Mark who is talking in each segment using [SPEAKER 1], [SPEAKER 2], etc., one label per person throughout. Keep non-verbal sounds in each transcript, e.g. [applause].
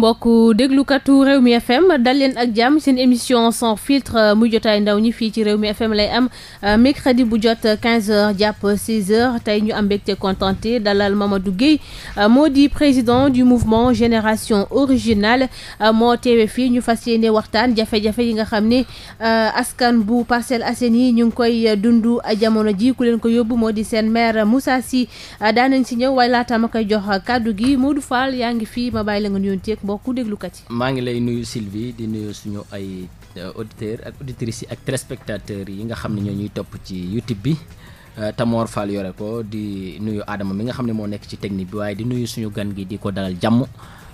[SPEAKER 1] mbokku déglukatu réew mi FM dal leen ak jàmm seen émission sans filtre euh, muy jotaay ndaw ñi fii ci réew mi FM lay am euh, mercredi bu jot 15h euh, jàpp 16h tey ñu am mbégte contenté dalal ma Guèye moo di président du mouvement génération originale moo teewe fii ñu fas yéene waxtaan jafe-jafe yi nga xam ne askan bu Parcelles Assainies ñu ngi koy dund jamono ji ku leen ko yóbbu moo di seen maire Moussa Sy daanañ si ñëw waaye laata ma koy jox kàddu gi Modou déglu déglukat yi.
[SPEAKER 2] maa ngi lay nuyu Sylvie di nuyu suñu ay euh, auditeurs ak auditrices yi ak téléspectateurs yi nga xam ne ñoo ñuy topp ci YouTube bi. Euh, Tamor Fall yore ko di nuyu Adama mi nga xam ne moo nekk ci technique bi waaye di nuyu suñu gan gi di ko dalal jàmm.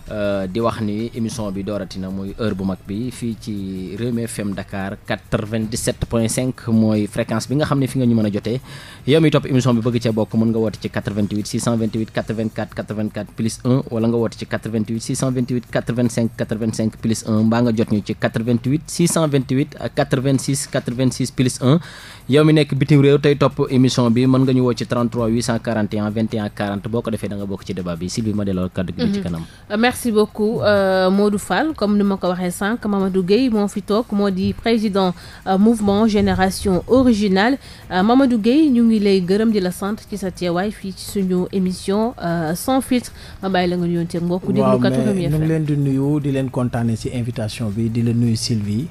[SPEAKER 2] Euh, di wax ni émission bi dooratina muy heure bu mag bi fii ci Rewmi FM Dakar 97.5 mooy fréquence bi nga xam ne fi nga ñu mën a jotee yow mi topp émission bi bëgg cee bokk mën nga woote ci 88 628 84 84 plus 1 wala nga woote ci 88 628 85 85 plus 1 mbaa nga jot ñu ci 88 628 86 86 plus 1 yow mi nekk bitim réew tey topp émission bi mën nga ñu woo ci 33 841 21 40 boo ko defee da bokk ci débat bi Sylvie ma delloo kaddu gi ci mhm. kanam.
[SPEAKER 1] Euh, merci beaucoup euh, Modou comme ni ma ko waxee sànq Mamadou Guèye moo fi toog moo di président euh, mouvement génération originale euh, Mamadou Guèye ñu ngi lay gërëm di la sant ci sa teewaay fii ci suñu émission euh, sans filtre ma bàyyi la nga nuyoon teeg mbokku déglukatu Rewmi FM ñu ngi leen
[SPEAKER 3] di nuyu di leen kontaane ci invitation bi di la nuyu Sylvie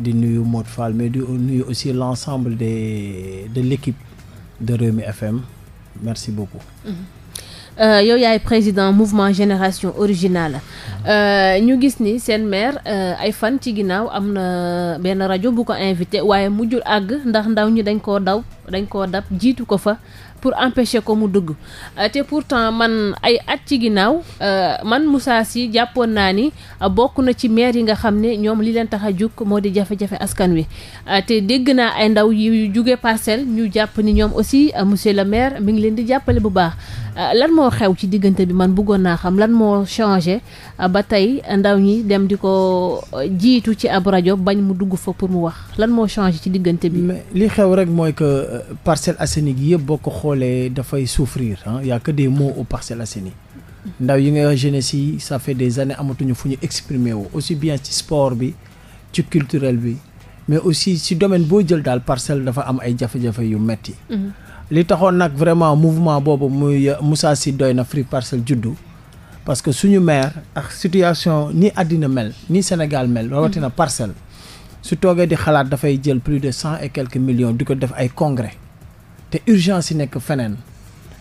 [SPEAKER 3] di nuyu Modou Fall mais di nuyu aussi l'ensemble des de l'équipe de Rewmi FM merci beaucoup
[SPEAKER 1] mhm. Euh, yow yaay président mouvement génération originale euh, ñu gis ni seen maire euh, ay fan ci ginnaaw am na benn rajo bu ko invité waaye mujjul àgg ndax ndaw ñi dañ koo daw dañ koo dab jiitu ko fa pour empêcher ko mu dugg euh, te pourtant man ay at ci ginnaaw euh, man musaa si jàppoon naa ni euh, bokk na ci maire yi nga xam ne ñoom li leen tax a jug moo di jafe-jafe askan wi te dégg naa ay ndaw yu jugee parcelle ñu jàpp ni ñoom aussi monsieur le maire mi ngi leen di jàppale bu baax lan moo xew ci diggante bi man buggoon naa xam lan moo changé ba tey ndaw ñi dem di ko jiitu ci ab rajo bañ mu dugg fa pour mu wax lan moo changé ci diggante bi.
[SPEAKER 3] Euh, Parcelles Assainies gi yëpp boo ko xoolee dafay souffrir ah y a que des mots aux Parcelles Assainies ndaw yi ngay wax si yi ça fait des années amatuñu fu ñu exprimer wu aussi bien ci sport bi ci culturel bi mais aussi si domaine boo jël daal parcelle dafa am ay jafe-jafe yu metti mm-hmm. li taxoon nag vraiment mouvement boobu muy euh, Moussa Sy doy na Free Parcelles juddu parce que suñu maire ak situation ni àddina mel ni Sénégal mel rawatina parcelle su toogee di xalaat dafay jël plus de cent et quelques millions di ko def ay congrès te urgence yi nekk feneen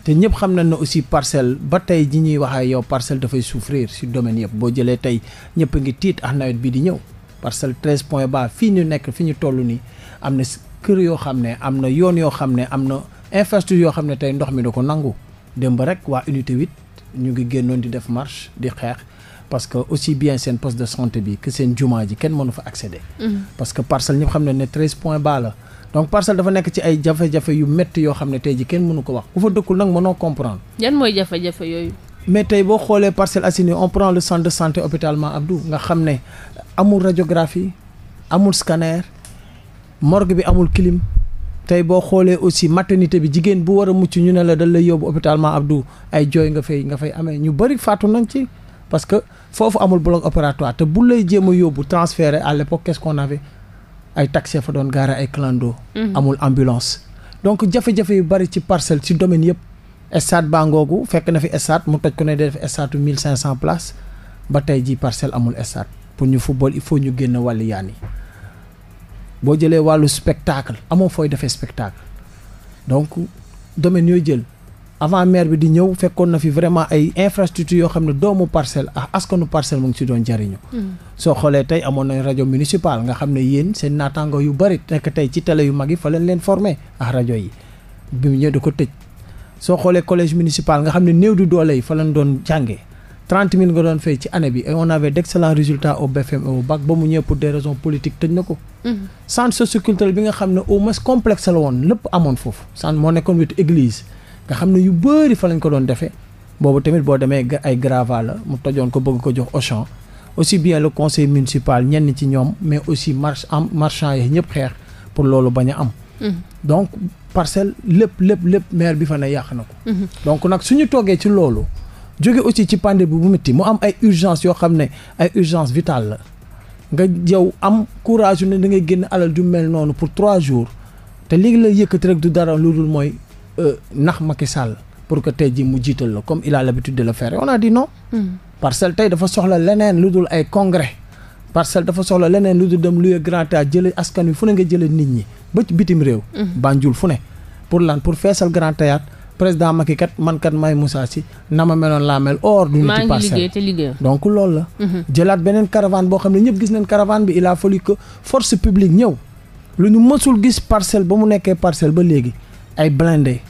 [SPEAKER 3] te ñëpp xam nañ ne aussi parcelle ba tey ji ñuy waxee yow parcelle dafay souffrir si domaine yëpp boo jëlee tey ñëpp ngi tiit ak nawet bi di ñëw parcelle treize point bas fii ñu nekk fi ñu toll nii am na kër yoo xam ne am na yoon yoo xam ne am na infrastructure yoo xam ne tey ndox mi da ko nangu démb rek waa unité 8 ñu ngi génnoon di def marche di xeex parce que aussi bien seen poste de santé bi que seen jumaa ji kenn mënu fa accéder. Mm-hmm. parce que parcelle ñëpp xam ne treize points bas la donc parcelle dafa nekk ci ay jafe-jafe yu métti yoo xam ne tey boo xoolee Parcelles Assainies on le centre de santé hôpital Abdou nga xam ne amul radiographie amul scanner morgue bi amul clim. tey boo xoolee aussi maternité bi jigéen bu war a mucc ñu ne la dal lay yóbbu hôpital ma ay jooy nga fay nga fay amee ñu bëri faatu nañ ci parce que foofu amul bloc opératoire te bu lay jéem a yóbbu transféré à l'époque qu'est-ce qu'on avait ay taxi fa doon gaare ay clando mhm. amul ambulance donc jafe-jafe yu bëri ci parcelle ci domaine yëpp stade bangoogu fekk na fi stade mu toj ko ne def stade u mille cinq cent places ba tey ji parcelle amul stade pour ñu football il faut ñu génn wàllu yaan yi boo jëlee wàllu spectacle amoo fooy defee spectacle donc domaine yooyu jël avant maire bi di ñëw fekkoon na fi vraiment ay infrastructure yoo xam ne doomu parcelle ah askanu parcelle mu ngi ci doon jariñu hmm. soo xoolee tey amoon nañ rajo municipal nga xam ne yéen seen naataango yu bari nekk tey ci télé yu mag yi fa leen leen formé ah rajo yi bi mu di ko tëj soo xoolee collège municipal nga xam ne néew du doole yi fa lañ doon jàngee 30 000 nga doon fay ci année bi et on avait d' excellents résultats au ba mu ñëw pour des raisons politiques tëj na ko. Mhm. centre socioculturel bi nga xam ne au moins complexe la woon lépp amoon foofu. centre moo nekkoon wetu église nga xam ne yu bëri fa lañ ko doon defee boobu tamit boo demee ay grava la mu tojoon ko bëgg ko jox Auchan aussi bien le conseil municipal ñenn ci ñoom mais aussi march am marchand yi ñëpp xeex pour loolu bañ a am. Mhm. donc parcelle lépp lépp lépp maire bi fa ne yàq na ko. Mhm. donc suñu toogee ci loolu. jóge aussi ci pandémie bu métti mu am ay urgence yoo xam ne ay urgence vitale la nga jaw am courage ne da ngay génn alal ju mel noonu pour trois jours te léegi la yëkkati rek du dara lu dul mooy euh, nax Macky Sall pour que tey ji mu jiital la comme il la l'habitude de le faire on a dit
[SPEAKER 4] non hmm.
[SPEAKER 3] tey dafa soxla leneen lu dul ay congrès parcelle dafa soxla leneen lu dul dem luye grand théâtre jële askan wi fu ne nga jële nit ñi ba bitim réew hmm. Banjul fu ne pour lan pour feesal grand théâtre président Macky kat man kat may Moussa Sy na ma meloon laa mel or du nit parcelle donc loolu la mhm. jëlaat beneen caravane boo xam ne ñëpp gis nañ caravane bi il a fallu que force publique ñëw lu ñu mësul gis parcelle ba mu nekkee parcelle ba léegi ay blindé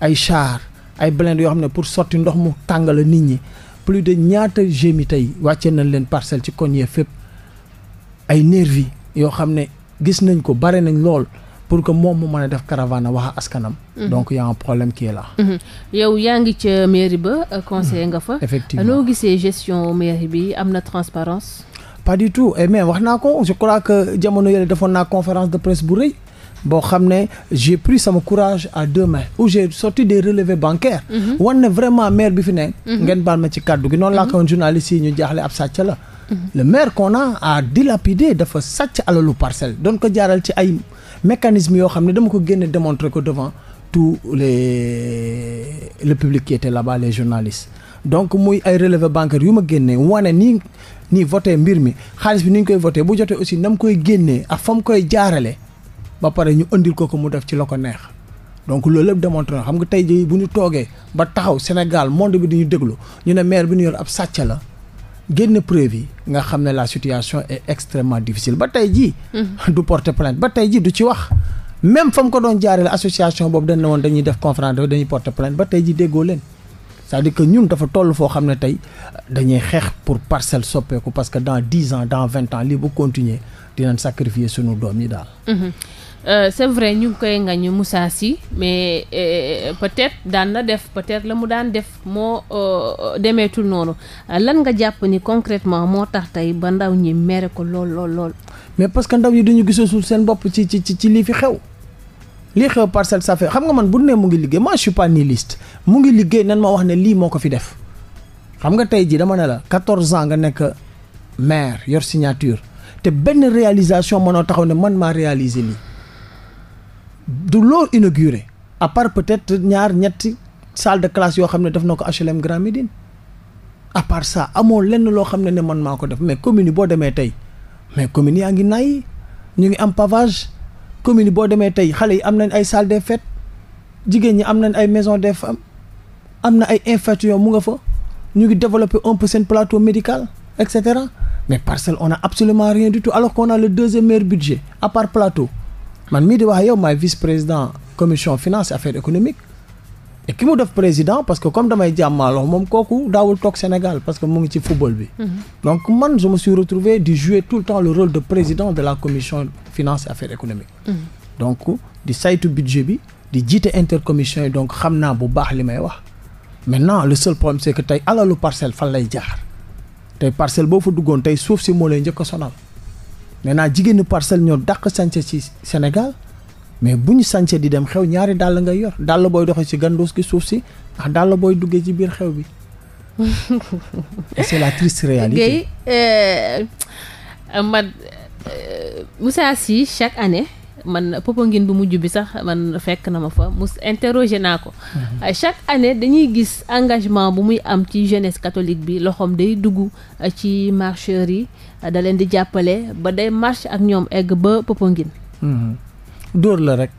[SPEAKER 3] ay char ay blindé yoo xam ne pour sotti ndox mu tàngala nit ñi plus de ñaata gémi tey wàcce nañ leen parcelle ci koñ yee fépp ay nervi yoo xam ne gis nañ ko bare nañ lool pour que moom mu mën a def caravane wax a askanam. Mhm. donc y' a un problème qui est là.
[SPEAKER 1] Mhm. yow yaa ngi ca mairie ba euh, conseiller mhm. nga fa. effectivement noo gisee gestion mairie bi am na transparence
[SPEAKER 3] pas du tout et eh, mais wax naa ko je crois que jamono yële defoon naa conférence de presse bu rëy. boo xam ne j'ai pris sama courage à deux mais où j'ai sorti de relevés bancaires wan ne vraiment maire bi fi ne ngeen baal ma ci kàddu gi noonu laa ko woon yi ñu jaaxle ab sàcc la le maire qu'on a à dilapidé dafa sàcc alalu parcelle doon ko jaaral ci ay mécanisme yoo xam ne dama ko génne démontrer ko devant tous les le public qui était donc muy ay relevé bancaire yu ma génnee wane nii nii voté mbir mi xaalis bi ni ñu koy voté bu jotee aussi na mu koy génnee ak fa mu koy jaarale ba pare ñu indil ko ko mu def ci la ko neex donc loolu lépp démontré xam nga tey jii bu ñu toogee ba taxaw Sénégal monde bi di ñu déglu ñu ne maire bi ñu yor ab sàcc la génn preuve yi nga xam ne la situation est extrêmement difficile ba tey jii. Mhm. du porter plainte ba tey jii du ci wax. même fa mu ko doon jaaree association boobu dañ ne woon dañuy def conférence dañuy porter plainte ba tey jii déggoo leen. cest di que ñun dafa toll foo xam ne tey dañuy xeex pour parcelle soppeeku parce que dans dix ans dans vingt ans lii bu continuer dinañ sacrifier sunu doom yi daal.
[SPEAKER 1] Mhm. Euh, c'est vrai ñu ngi koy ñu Moussa si mais euh, peut-être daan na def peut-être la mu daan def moo euh, demeetul noonu lan nga jàpp ni concrètement moo tax tey ba ndaw ñi mere ko lool lool lool.
[SPEAKER 3] mais parce que ndaw yi dañu gisasul seen bopp ci ci ci ci lii fi xew lii xew parcelle sa fait xam nga man bu nee mu ngi liggéey moi je list mu ngi liggéey nan ma wax ne lii moo ko fi def xam nga tey jii dama ne la 14 ans nga nekk maire yor signature te benn réalisation mënoo taxaw ne man maa réaliser lii. du loo inauguré à part peut-être ñaar ñetti salle de classe yoo xam ne daf na ko HLM Grand Médine à part ça amoo lenn loo xam ne ne man maa ko def mais commune yi boo demee tey mais commune yaa ngi nay ñu ngi am pavage commune yi boo demee tey xale yi am nañ ay salle des fêtes jigéen ñi am nañ ay maison des femmes am na ay infirmiers mu nga fa ñu ngi développer un peu seen plateau médical et cetera mais parcelle on a absolument rien du tout alors qu'on a le deuxième meilleur budget à part plateau man mii di wax yow maay vice président commission finance affaires économiques et ki mu def président parce que comme damay jàmmaaloo moom kooku daawul toog Sénégal parce que mu ngi ci football bi. Mhm. donc man je me suis retrouvé di jouer tout le temps le rôle de président de la commission finance et affaires économiques. Mhm. donc di saytu budget bi di jiite intercommission yi donc xam naa bu baax li may wax. maintenant le seul problème c'est que tey alalu parcelle fan lay jaar tey parcelle boo fa duggoon tey suuf si moo lay njëkk sonal. nee naa jigéenu parcelle ñoo daq sañse ci Sénégal mais bu ñu sañse di dem xew ñaari dàll ngay yor dàll booy doxee ci gandoos gi suuf si ndax dàll booy duggee ci biir xew bi c'est la triste réalité
[SPEAKER 1] euh, man euh, Moussa Sy chaque année man Popenguine bu mujj bi sax man fekk na ma fa mu interroger naa ko mhm. euh, chaque année dañuy gis engagement bu muy am ci jeunesse catholique bi loxoom day dugg ci marcheurs yi Eh, da leen di jàppale ba day marche ak ñoom egg ba Popenguine.
[SPEAKER 4] Mhm.
[SPEAKER 3] door la rek.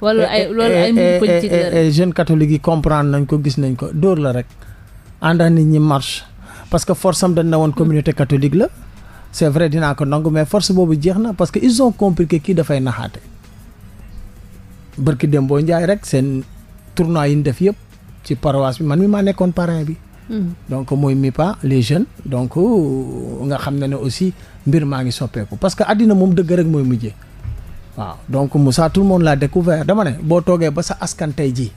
[SPEAKER 1] wala eh, ay eh, loolu ay mbir politique
[SPEAKER 3] la rek yi comprendre nañ ko gis nañ ko dóor la rek ànd nit ñi marche parce que force am dañ na woon communauté catholique la. c'est vrai dinaa ko nangu mais force boobu jeex na parce que ils ont compris kii dafay naxaate barki Dembo Ndiaye rek seen tournoi yi ñu def yëpp ci paroisse bi man mi maa nekkoon parent bi. donc mooy MIPA les jeunes donc euh, nga xam ne ne aussi mbir maa ngi soppeeku parce que àddina moom dëgg rek mooy mujjee waaw donc Moussa tout le monde l'a découvert dama ne boo toogee ba sa askantey ji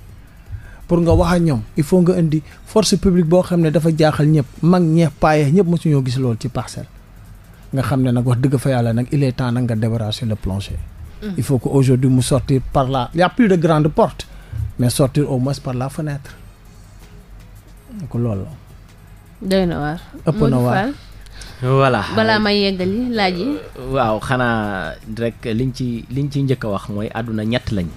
[SPEAKER 3] pour nga wax a ñoom il faut nga indi force publique boo xam ne dafa jaaxal ñëpp mag ñeex paaye ñëpp mosuñoo gis loolu ci parcelle nga xam ne nag wax dëgg fa yàlla nag il est temps nag nga débarrasser le plancher mm. il faut que aujourd'hui mu sortir par là il y porte mais sortir au moins par la fenêtre ko loolu
[SPEAKER 1] doy na waar ëpp na waar
[SPEAKER 2] voilà balaa
[SPEAKER 1] may yeggali
[SPEAKER 2] waaw xanaa rek liñ ci liñ ci njëkk a wax mooy àdduna ñett lañ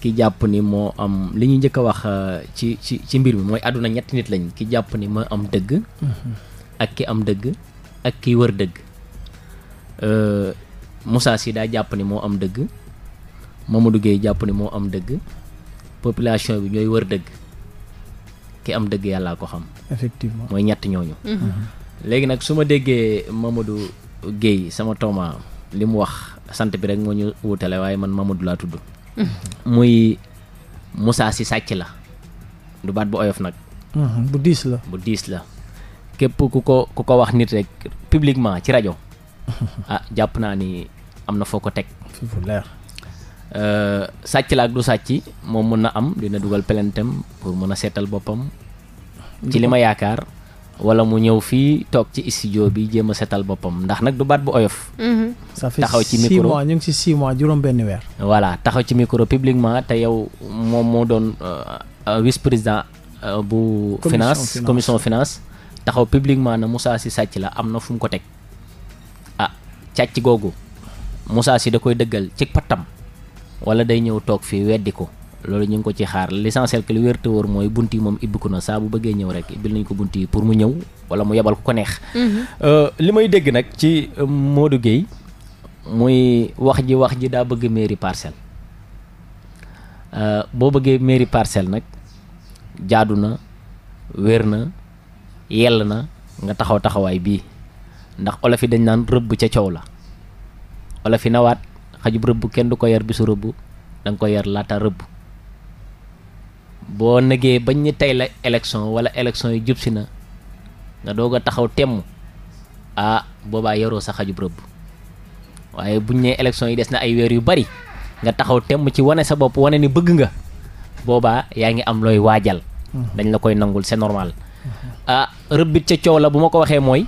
[SPEAKER 2] ki jàpp ni moo am li ñuy njëkk a wax euh, ci ci ci mbir mi mooy àdduna ñetti nit lañ ki jàpp ni moo am dëgg mm-hmm. ak ki am dëgg ak ki wër dëgg euh, Moussa Sy daa jàpp ni moo am dëgg Mamadou duggee jàpp ni moo am dëgg population bi ñooy wër dëgg ki am dëgg yàllaa ko xam. effectivement mooy ñett ñooñu. Mhm. léegi nag su ma déggee Mamadou Guèye sama tooma li mu wax sant bi rek moo ñu wutale waaye man Mamadou laa tudd. Mhm. muy Moussa si sàcc la du baat bu oyof nag. Mhm, bu diis la bu képp ku ko ku ko wax nit rek publiquement ci rajo. [laughs] ah jàpp naa ni am na foo ko teg. Euh, sàcc la ak du sàcc moom mun na am dina dugal plaintam pour mun a seetal boppam ci li ma yaakaar wala mu ñëw fii toog ci studio bi jéem a seetal boppam ndax nag du baat bu oyof mhm. taxaw ci micro
[SPEAKER 3] ñu mois juróom weer
[SPEAKER 2] voilà taxaw ci micro publiquement te yow moom moo doon euh, euh, vice président bu finance commission finance taxaw publiquement na Moussa Sy sàcc la am na fu mu ko teg ah càcc googu Moussa Sy da koy dëggal ci pattam wala day ñëw toog fii weddi ko loolu ñu ngi ko ci xaar l'essentiel que li wér te wóor mooy bunt yi moom ibbiku na saa bu bëggee ñëw rek ibbil nañ ko bunt yi pour mu ñëw wala mu yebal ku ko neex. Mhm. Euh, li may dégg nag ci euh, Modou Gueye muy wax ji wax ji daa bëgg mairie parcelle euh, boo bëggee mairie parcelle nag jaadu na wér na yell na nga taxaw taxawaay bii ndax olof dañ naan rëbb ca coow la olof nawaat xajub rëbb kenn du ko yar bisu rëbb da nga ko yar laata rëbb boo negee bañ ñu tey la élection wala élection yu jub si na nga doog a taxaw temm ah boobaa yaroo sa xajub rëbb waaye buñ nee élection yi des na ay weer yu bari nga taxaw temm ci wane sa bopp wane ni bëgg nga boobaa yaa ngi am looy waajal mhm. dañ la koy nangul c'est normal ah rëbbit ca coow la bu ma ko waxee mooy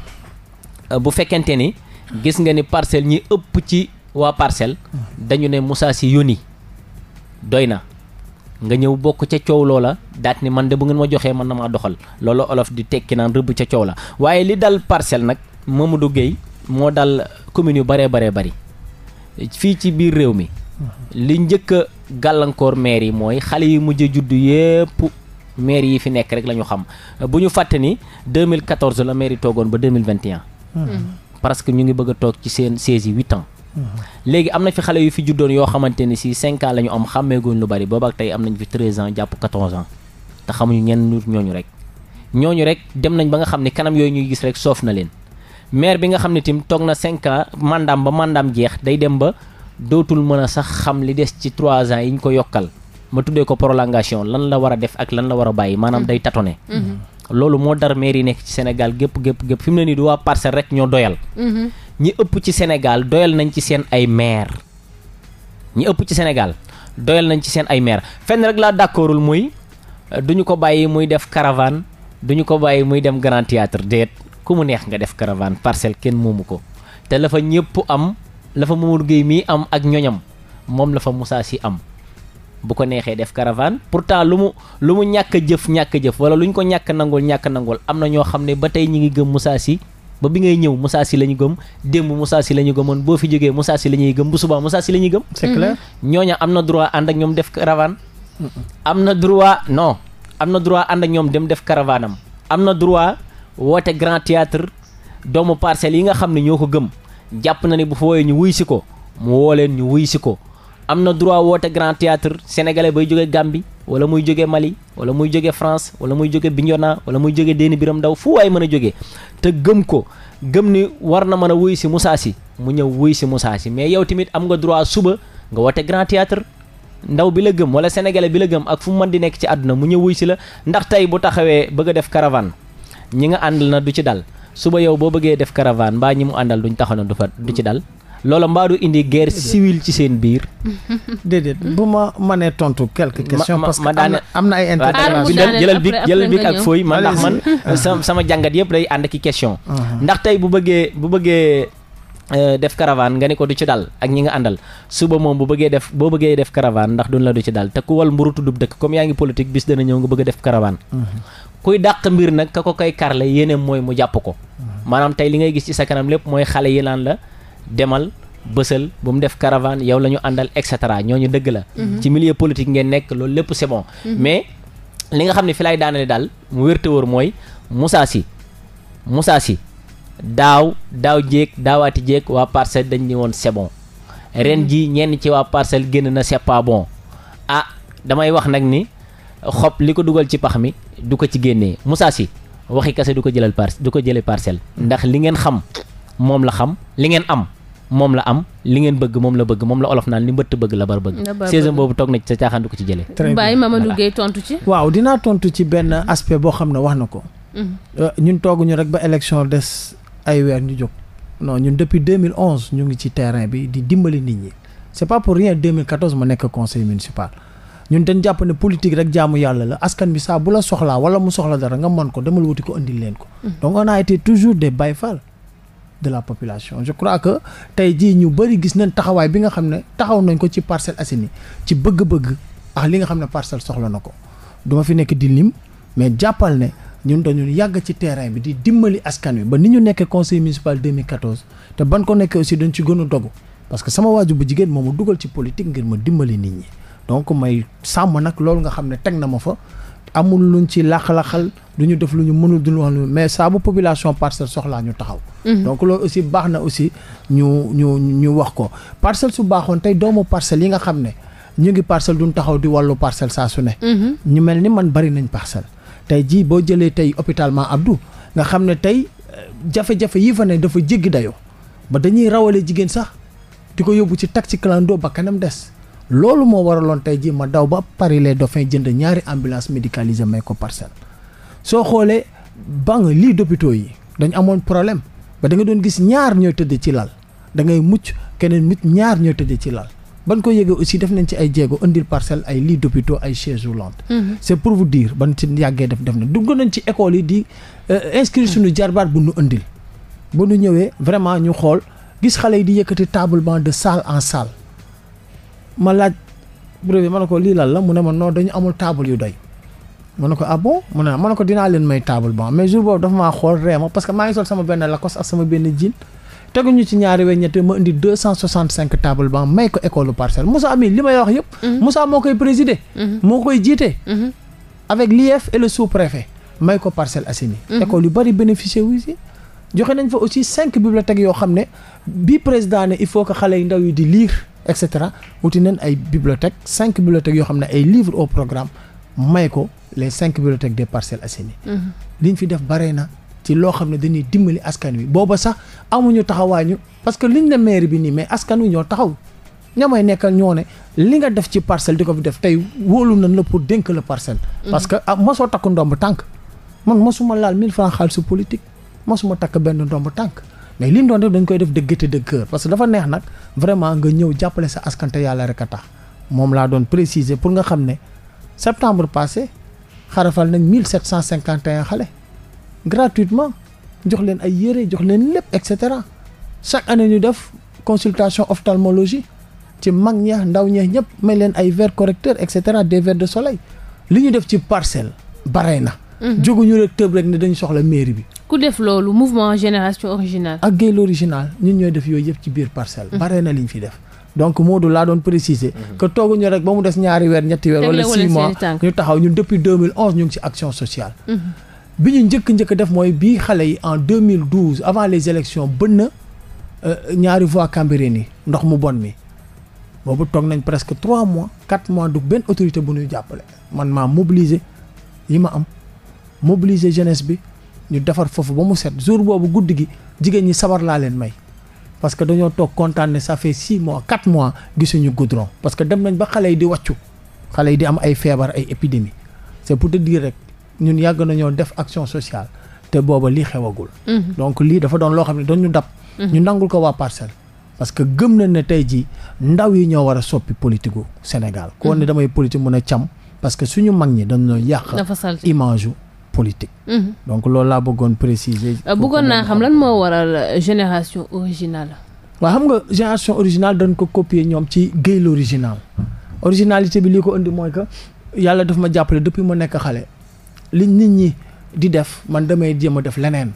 [SPEAKER 2] ah, bu fekkente ni gis nga ni parcelle ñi ëpp ci waa parcelle dañu ne Moussa Sy yónni doy na nga ñëw bokk ca coow loola daat ni man de bu ngeen ma joxee man na maa doxal loola olof di tekki naan rëbb ca coow la waaye li dal parcelle nag Mamadou Gueye moo dal commune yu baree baree bari fii ci biir réew mi li njëkk a gàllankoor maire yi mooy xale yi mujj juddu yépp maire yi fi nekk rek la ñu xam bu ñu fàtte ni 2014 la maire yi toogoon ba 2021 mm-hmm. parce que ñu ngi bëgg toog ci seen 16 yi 8 léegi am na fi xale yu fi juddoon yoo xamante ne si 5 ans la ñu am xàmmeeguñ lu bari boobaak tey am nañ fi 13 ans jàpp 14 ans te xamuñu ñenn nit ñooñu rek ñooñu rek dem nañ ba nga xam ne kanam yooyu ñuy gis rek soof na leen maire bi nga xam ne tim toog na 5 ans ba mandaam jeex day dem ba dootul mën a sax xam li des ci trois ans yi ñu ko yokkal ma tuddee ko prolongation lan la war a def ak lan la war a bàyyi maanaam day tatone mm-hmm. loolu moo dar maire yi nekk Sénégal gépp gépp gépp fi mu ne nii du parcelle rek ñoo doyal mm-hmm. ñi ëpp ci Sénégal doyal nañ ci seen ay maire ñi ëpp ci Sénégal doyal nañ ci seen ay maire fenn rek laa d'accordul muy euh, duñu ko bàyyi muy def caravane duñu ko bàyyi muy dem grand théâtre déet ku mu neex nga def caravane parcelle kenn moomu ko te la fa ñëpp am la fa Mamadou Gueye mii am ak ñoñam moom la fa Moussa Sy am bu ko neexee def caravane pourtant lu mu lu mu ñàkk jëf ñàkk a jëf wala lu ñu ko ñàkk nangul ñàkk nangul am na ñoo xam ne ba tey ñu ngi gëm Moussa Sy ba bi ngay ñëw Moussa si la ñu gëm démb Moussa si la ñu gëmoon boo fi jógee Moussa Sy la ñuy gëm bu subaa Moussa Sy la ñuy gëm. c'est mm-hmm. ñooña am na droit ànd ak ñoom def caravane. am na droit non am na droit ànd ak ñoom dem def caravane am. am na woote grand théâtre doomu parcelles yi nga xam ne ñoo ko gëm jàpp na ne bu fa wooyee ñu wuy si ko mu woo leen ñu wuy si ko am na droit woote grand théâtre sénégalais bay jógee Gambie. wala muy jóge Mali wala muy jóge France wala muy jóge Bignona wala muy jóge Déni Biram Ndaw fu waay mën a jógee te gëm ko gëm ni war na mën a wuy si Moussa Sy mu ñëw wuy si Moussa Sy mais yow tamit am nga droit suba nga woote Grand Théâtre ndaw bi la gëm wala sénégalais bi la gëm ak fu mu mën di nekk ci àdduna mu ñëw wuy si la ndax tey bu taxawee bëgg a def caravane ñi nga àndal na du ci dal suba yow boo bëggee def caravane mbaa ñi mu àndal duñ taxaw na du fa ci dal loola mbaa du indi guerre siwil ci seen biir. [laughs] déedéet bu ma mënee tontu quelques questions. parce que am na ay interventions jëlal bi jëlal bi ak fooy man ndax man [laughs] sama jàngat yëpp day ànd ki question. Uh-huh. ndax tey bu bëggee bu bëggee. Euh, def caravane nga ne ko du ci dal ak ñi nga àndal suba moom bu bëggee def boo bëggee def caravane ndax duñ la du ci dal te ku wal mburu tuddub dëkk comme yaa ngi politique bis dana ñëw nga bëgg a def caravane uh-huh. kuy dàq mbir nag ka ko koy karle yéeneem mooy mu jàpp ko uh-huh. maanaam tey li ngay gis ci sa kanam lépp mooy xale yi la demal bësal bu mu def caravane yow la ñu àndal et cetera ñooñu dëgg la. Mhm. ci millier politique ngeen nekk loolu lépp c'est mhm. mais li nga xam ne fi lay daanale daal mu wér te mooy Moussa Sy Moussa Sy daaw daaw jéeg daawaati jéeg waa parcelle dañ ni woon c'est ren mhm. ji ñenn ci waa parcelle génn na sepabon pas ah damay wax nag ni xob li ko dugal ci pax mi du ko ci génnee Moussa Sy waxi kase du ko jëlal par du ko jëlee parcelle. ndax li ngeen xam moom la xam li ngeen am. moom la am li ngeen bëgg moom la bëgg moom la olof naan li mbëtt bëgg la bar
[SPEAKER 1] bëgg saison
[SPEAKER 2] boobu toog na ci sa ko ci jëlee
[SPEAKER 3] bàyyi Mamadou Gueye
[SPEAKER 1] tontu
[SPEAKER 2] tontu
[SPEAKER 3] ci benn aspect boo xam ne wax na ko
[SPEAKER 1] mhm.
[SPEAKER 4] euh,
[SPEAKER 3] ñun tooguñu rek ba élection des ay weer ñu jóg non ñun depuis 2011 ñu ngi ci terrain bi di dimbali nit ñi c'est pas pour rien 2014 ma nekk conseil municipal ñun dañ jàpp ne politique rek jaamu yàlla la askan bi saa bu la soxlaa wala mu soxla dara nga mën ko demal wuti ko indil leen ko mhm. de la population je crois que tey jii ñu bëri gis nañ taxawaay bi nga xam ne taxaw nañ ko ci Parcelles Assainies ci bëgg-bëgg ak li nga xam ne parcelle soxla na ko duma fi nekk di lim mais jàppal ne ñun dañu yàgg ci terrain bi di dimbali askan wi ba ni ñu nekkee conseil municipal 2014 te ban ko nekkee aussi dañ ci gën a dogu parce que sama waajur bu jigéen moom ma dugal ci politique ngir ma dimbali nit ñi donc may sàmm nag loolu nga xam ne teg na ma fa amul luñ ci laxal-laxal du ñu def lu ñu mënul du ñu wax mais saa bu population parcelle soxlaa ñu taxaw. Mhm. donc loolu aussi baax na aussi ñu ñu ñu wax ko parcelle su baaxoon tey doomu parcelle yi nga xam ne ñu ngi parcelle duñ taxaw di wàllu parcelle saa su ne. Mhm. ñu mel ni man bari nañ parcelle. tey jii boo jëlee tey hôpital Ma Abdou nga xam ne tey euh, jafe-jafe yi fa ne dafa jéggi dayoo ba dañuy rawale jigéen sax di ko yóbbu ci ci clando ba kanam des. loolu moo waraloon tey jii ma daw ba Paris les Dauphins jënd ñaari ambulance médicalisée may ko parcelle soo xoolee bang lii d'hôpitaux yi dañu amoon problème ba da nga doon gis ñaar ñooy tëdd ci lal da ngay mucc keneen mucc ñaar ñooy tëdd ci lal ban ko yëgee aussi def nañ ci ay jéego indil parcelle ay lii d'hôpitaux ay chaises roulantes. Mhm. c'est pour vous dire ban ci yàggee def def na dugg nañ ci école yi di euh, inscrire mhm. suñu jarbaat bu nu indil bu nu ñëwee vraiment ñu xool gis xale yi di yëkkati table banc de salle en salle. ma laaj brevet ma ko lii lan la mu ne ma non dañu amul table yu doy ma ne ko ah bon mu ne ma ne ko dinaa leen may table bon mais jour boobu dafa xool ree ma parce que maa ngi sol benn lakos ak sama benn jean teguñu ci ñaari weñ indi deux cent soixante cinq table banc may ko école parcelle Moussa mii li may wax yëpp. Mhm. Moussa moo koy présider. Mhm. moo koy jiite. Mhm. avec l'IEF et le sous-préfet may ko parcelle Assainies. école yu bari bénéficier wu si. joxe nañ fa aussi cinq teg yoo xam ne bi président ne il faut que xale yu ndaw yi di liir et cetera wuti nañ ay bibliothèques cinq bibliothèques yoo xam ne ay livres au programme may ko les cinq bibliothèques des Parcelles Assainies. Mhm. liñ fi def bare na ci loo xam ne dañuy dimbali askan wi booba sax amuñu taxawaañu parce que liñ ne maire bi nii mais askan wi ñoo taxaw ñamay nekkal ñoo ne li nga def ci parcelle di ko fi def tey wóolu nañ la pour dénk la parcelle. Mhm. parce que am ah mosoo takku ndomb tànk man mosuma laal mille francs xaalisu politique mosuma takk benn ndomb tànk. mais li doon def dañ koy def de gaieté de cœur parce que dafa neex nag vraiment nga ñëw jàppale sa askante yàlla rek a tax moom laa doon préciser pour nga xam ne septembre passé xarafal nañ mille sept cent cinquante et xale gratuitement jox leen ay yére jox leen lépp et cetera chaque année ñu def consultation ophtalmologie ci mag ñeex ndaw ñeex ñëpp may leen ay verres correcteurs et cetera des verres de soleil li ñu def ci parcelle bare na. Mm-hmm. jóguñu rek tëb rek ne dañu soxla mairie bi.
[SPEAKER 1] ku def loolu mouvement génération originale.
[SPEAKER 3] ak Gueule originale ñun ñooy def yooyu yëpp ci biir parcelle. Mm-hmm. bare na liñ fi def. donc Modou laa doon préciser. Mm-hmm. que tooguñu rek ba mu des ñaari weer ñetti weer. wala 6 mois ñu taxaw ñun depuis 2011 ñu ngi ci action sociale. Mm-hmm. bi ñu njëkk njëkk def mooy bii xale yi en 2012 avant les élections bënn na euh, ñaari voies Cambérène yi ndox mu bon mi. boobu toog nañ presque trois mois 4 mois du benn autorité bu nuy jàppale man maa mobiliser li ma am mobiliser jeunesse bi. ñu defar foofu ba mu set jour boobu guddi gi jigéen ñi sabar laa leen may parce que dañoo toog kontaan ne ça fait six mois quatre mois gisuñu goudron parce que dem nañ ba xale yi di wàccu xale yi di am ay feebar ay épidémie c'est pour te dire rek ñun yàgg nañoo def action sociale te booba lii xewagul. Mhm. donc lii dafa doon loo xam ne doon ñu dab. Mhm. ñu nangul ko waa parcelle. parce que gëm na ne tey jii ndaw yi ñoo war a soppi politique gu Sénégal. ko ne mhm. damay politique mun a cam parce que suñu mag ñi dañoo yàq. image politique. Mhm. donc loolu laa bëggoon préciser.
[SPEAKER 1] Euh, bëggoon naa xam lan moo waral euh, génération originale.
[SPEAKER 3] waa xam nga génération originale dañ ko copier ñoom ci géej l'original originalité bi lii ko indi mooy que yàlla daf ma jàppale depuis ma nekk xale li nit ñi di def man damay jéem a def leneen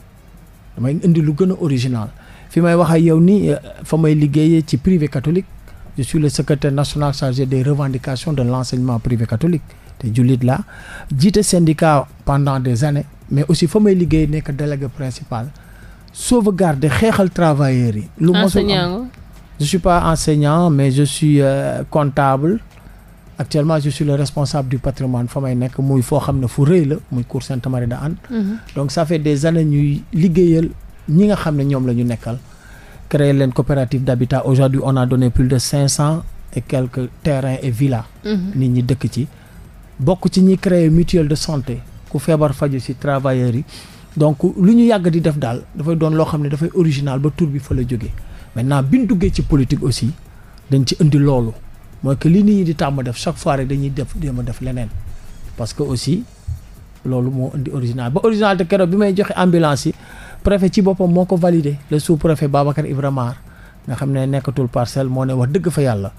[SPEAKER 3] damay indi lu gën a original fi may wax ak yow nii euh, fa may liggéeyee ci privé catholique je suis le secrétaire national chargé de revendications de l'enseignement privé catholique. te jullit la jiite syndicat pendant des années mais aussi fa may liggéey nekk délégué principal sauvegarder xeexal travailleurs yi. lu mosul am je suis pas enseignant mais je suis euh, comptable actuellement je suis le responsable du patrimoine fa may nekk muy foo xam ne fu rëy la muy cour Sainte-Marie de Hann mhm. donc ça fait des années ñuy liggéeyal ñi nga xam ne ñoom la ñu nekkal créer leen coopérative d'habitat aujourd'hui on a donné plus de cinq cent et quelques terrains et villas mhm. bokk ci ñi créer mutuelle de santé ku feebar faju ci travailleurs yi donc lu ñu yàgg di def daal dafay doon loo xam ne dafay original ba tur bi fa la jóge maintenant bi ñu duggee ci politique aussi dañ ci indi loolu mooy que li nit ñi di tàmm def chaque fois rek dañuy def jéem a def leneen parce que aussi loolu moo indi original ba original te keroog bi may joxe ambulance yi préfet ci boppam moo ko validé le sous préfet Babacar Ibrahima nga xam ne nekkatul parcelle moo ne wax dëgg fa yàlla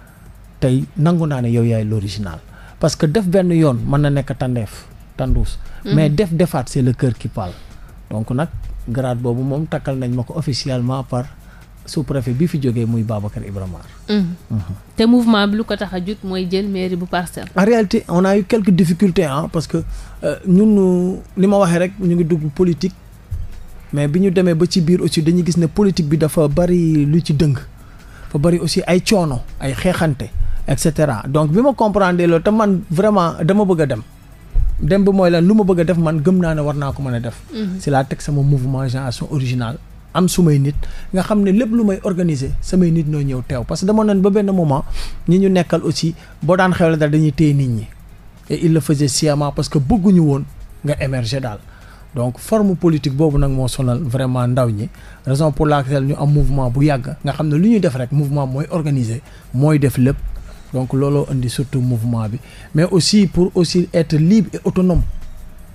[SPEAKER 3] tey nangu naa ne yow yaay l'original parce que def benn yoon mën na nekk tàndeef tànduus mhm. mais def defaat c'est le kër ki parle donc nag grade boobu moom takkal nañ ma ko officiellement par su préfet bi fi jógee muy Babacar Ibrahima.
[SPEAKER 1] Mhm. Mhm. te mouvement bi lu ko tax a jug mooy jël mairie bu parcelle.
[SPEAKER 3] en réalité on a eu quelques parce que euh, ñun li ma waxee rek ñu ngi dugg politique mais bi ñu demee ba ci biir aussi dañuy gis ne politique bi dafa bari lu ci dëng. dafa bari aussi ay coono ay xeexante. et cetera donc bi ma comprendre loolu te man vraiment dama bëgg a dem dem bi mooy lan lu ma bëgg a def man gëm naa ne war naa ko mën a def si laa teg sama mouvement génération original am sumay nit nga xam ne lépp lu may organiser samay nit ñoo ñëw teew parce que dama nan ba benn moment ni ñu nekkal aussi boo daan xewle daal dañuy téye nit ñi il le faisait sciemment parce que bëgguñu woon nga émerger daal donc form politique boobu nag moo sonal vraiment ndaw ñi raison pour laquelle ñu mouvement bu yàgg nga xam ne lu ñuy def rek mouvement mooy organiser mooy def lépp donc looloo indi surtout mouvement bi mais aussi pour aussi être libre et autonome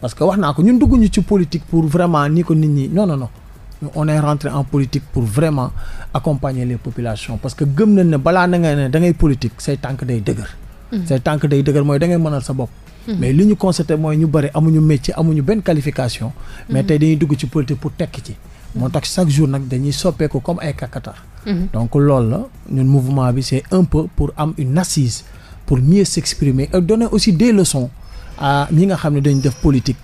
[SPEAKER 3] parce que wax naa ko ñun dugguñu ci politique pour vraiment ni ko nit ñi non non non rentre est en politique pour vraiment accompagner les populations parce que gëm nañ ne balaa na nga ne da ngay politique say tànk day dëgër. Mm-hmm. say tànk day dëgër mooy dangay ngay mënal sa bopp.
[SPEAKER 4] Mm-hmm. mais
[SPEAKER 3] li ñu constaté mooy ñu bëri amuñu métier amuñu benn qualification. mais mm-hmm. tey dañuy dugg ci politique pour tekki ci. moo tax chaque jour nag dañuy soppeeku comme ay kakatar. Mm-hmm. donc loolu la ñun mouvement bi c'est un peu pour am une assise pour mieux s'exprimer et donner aussi des leçons à ñi nga xam ne dañ def politique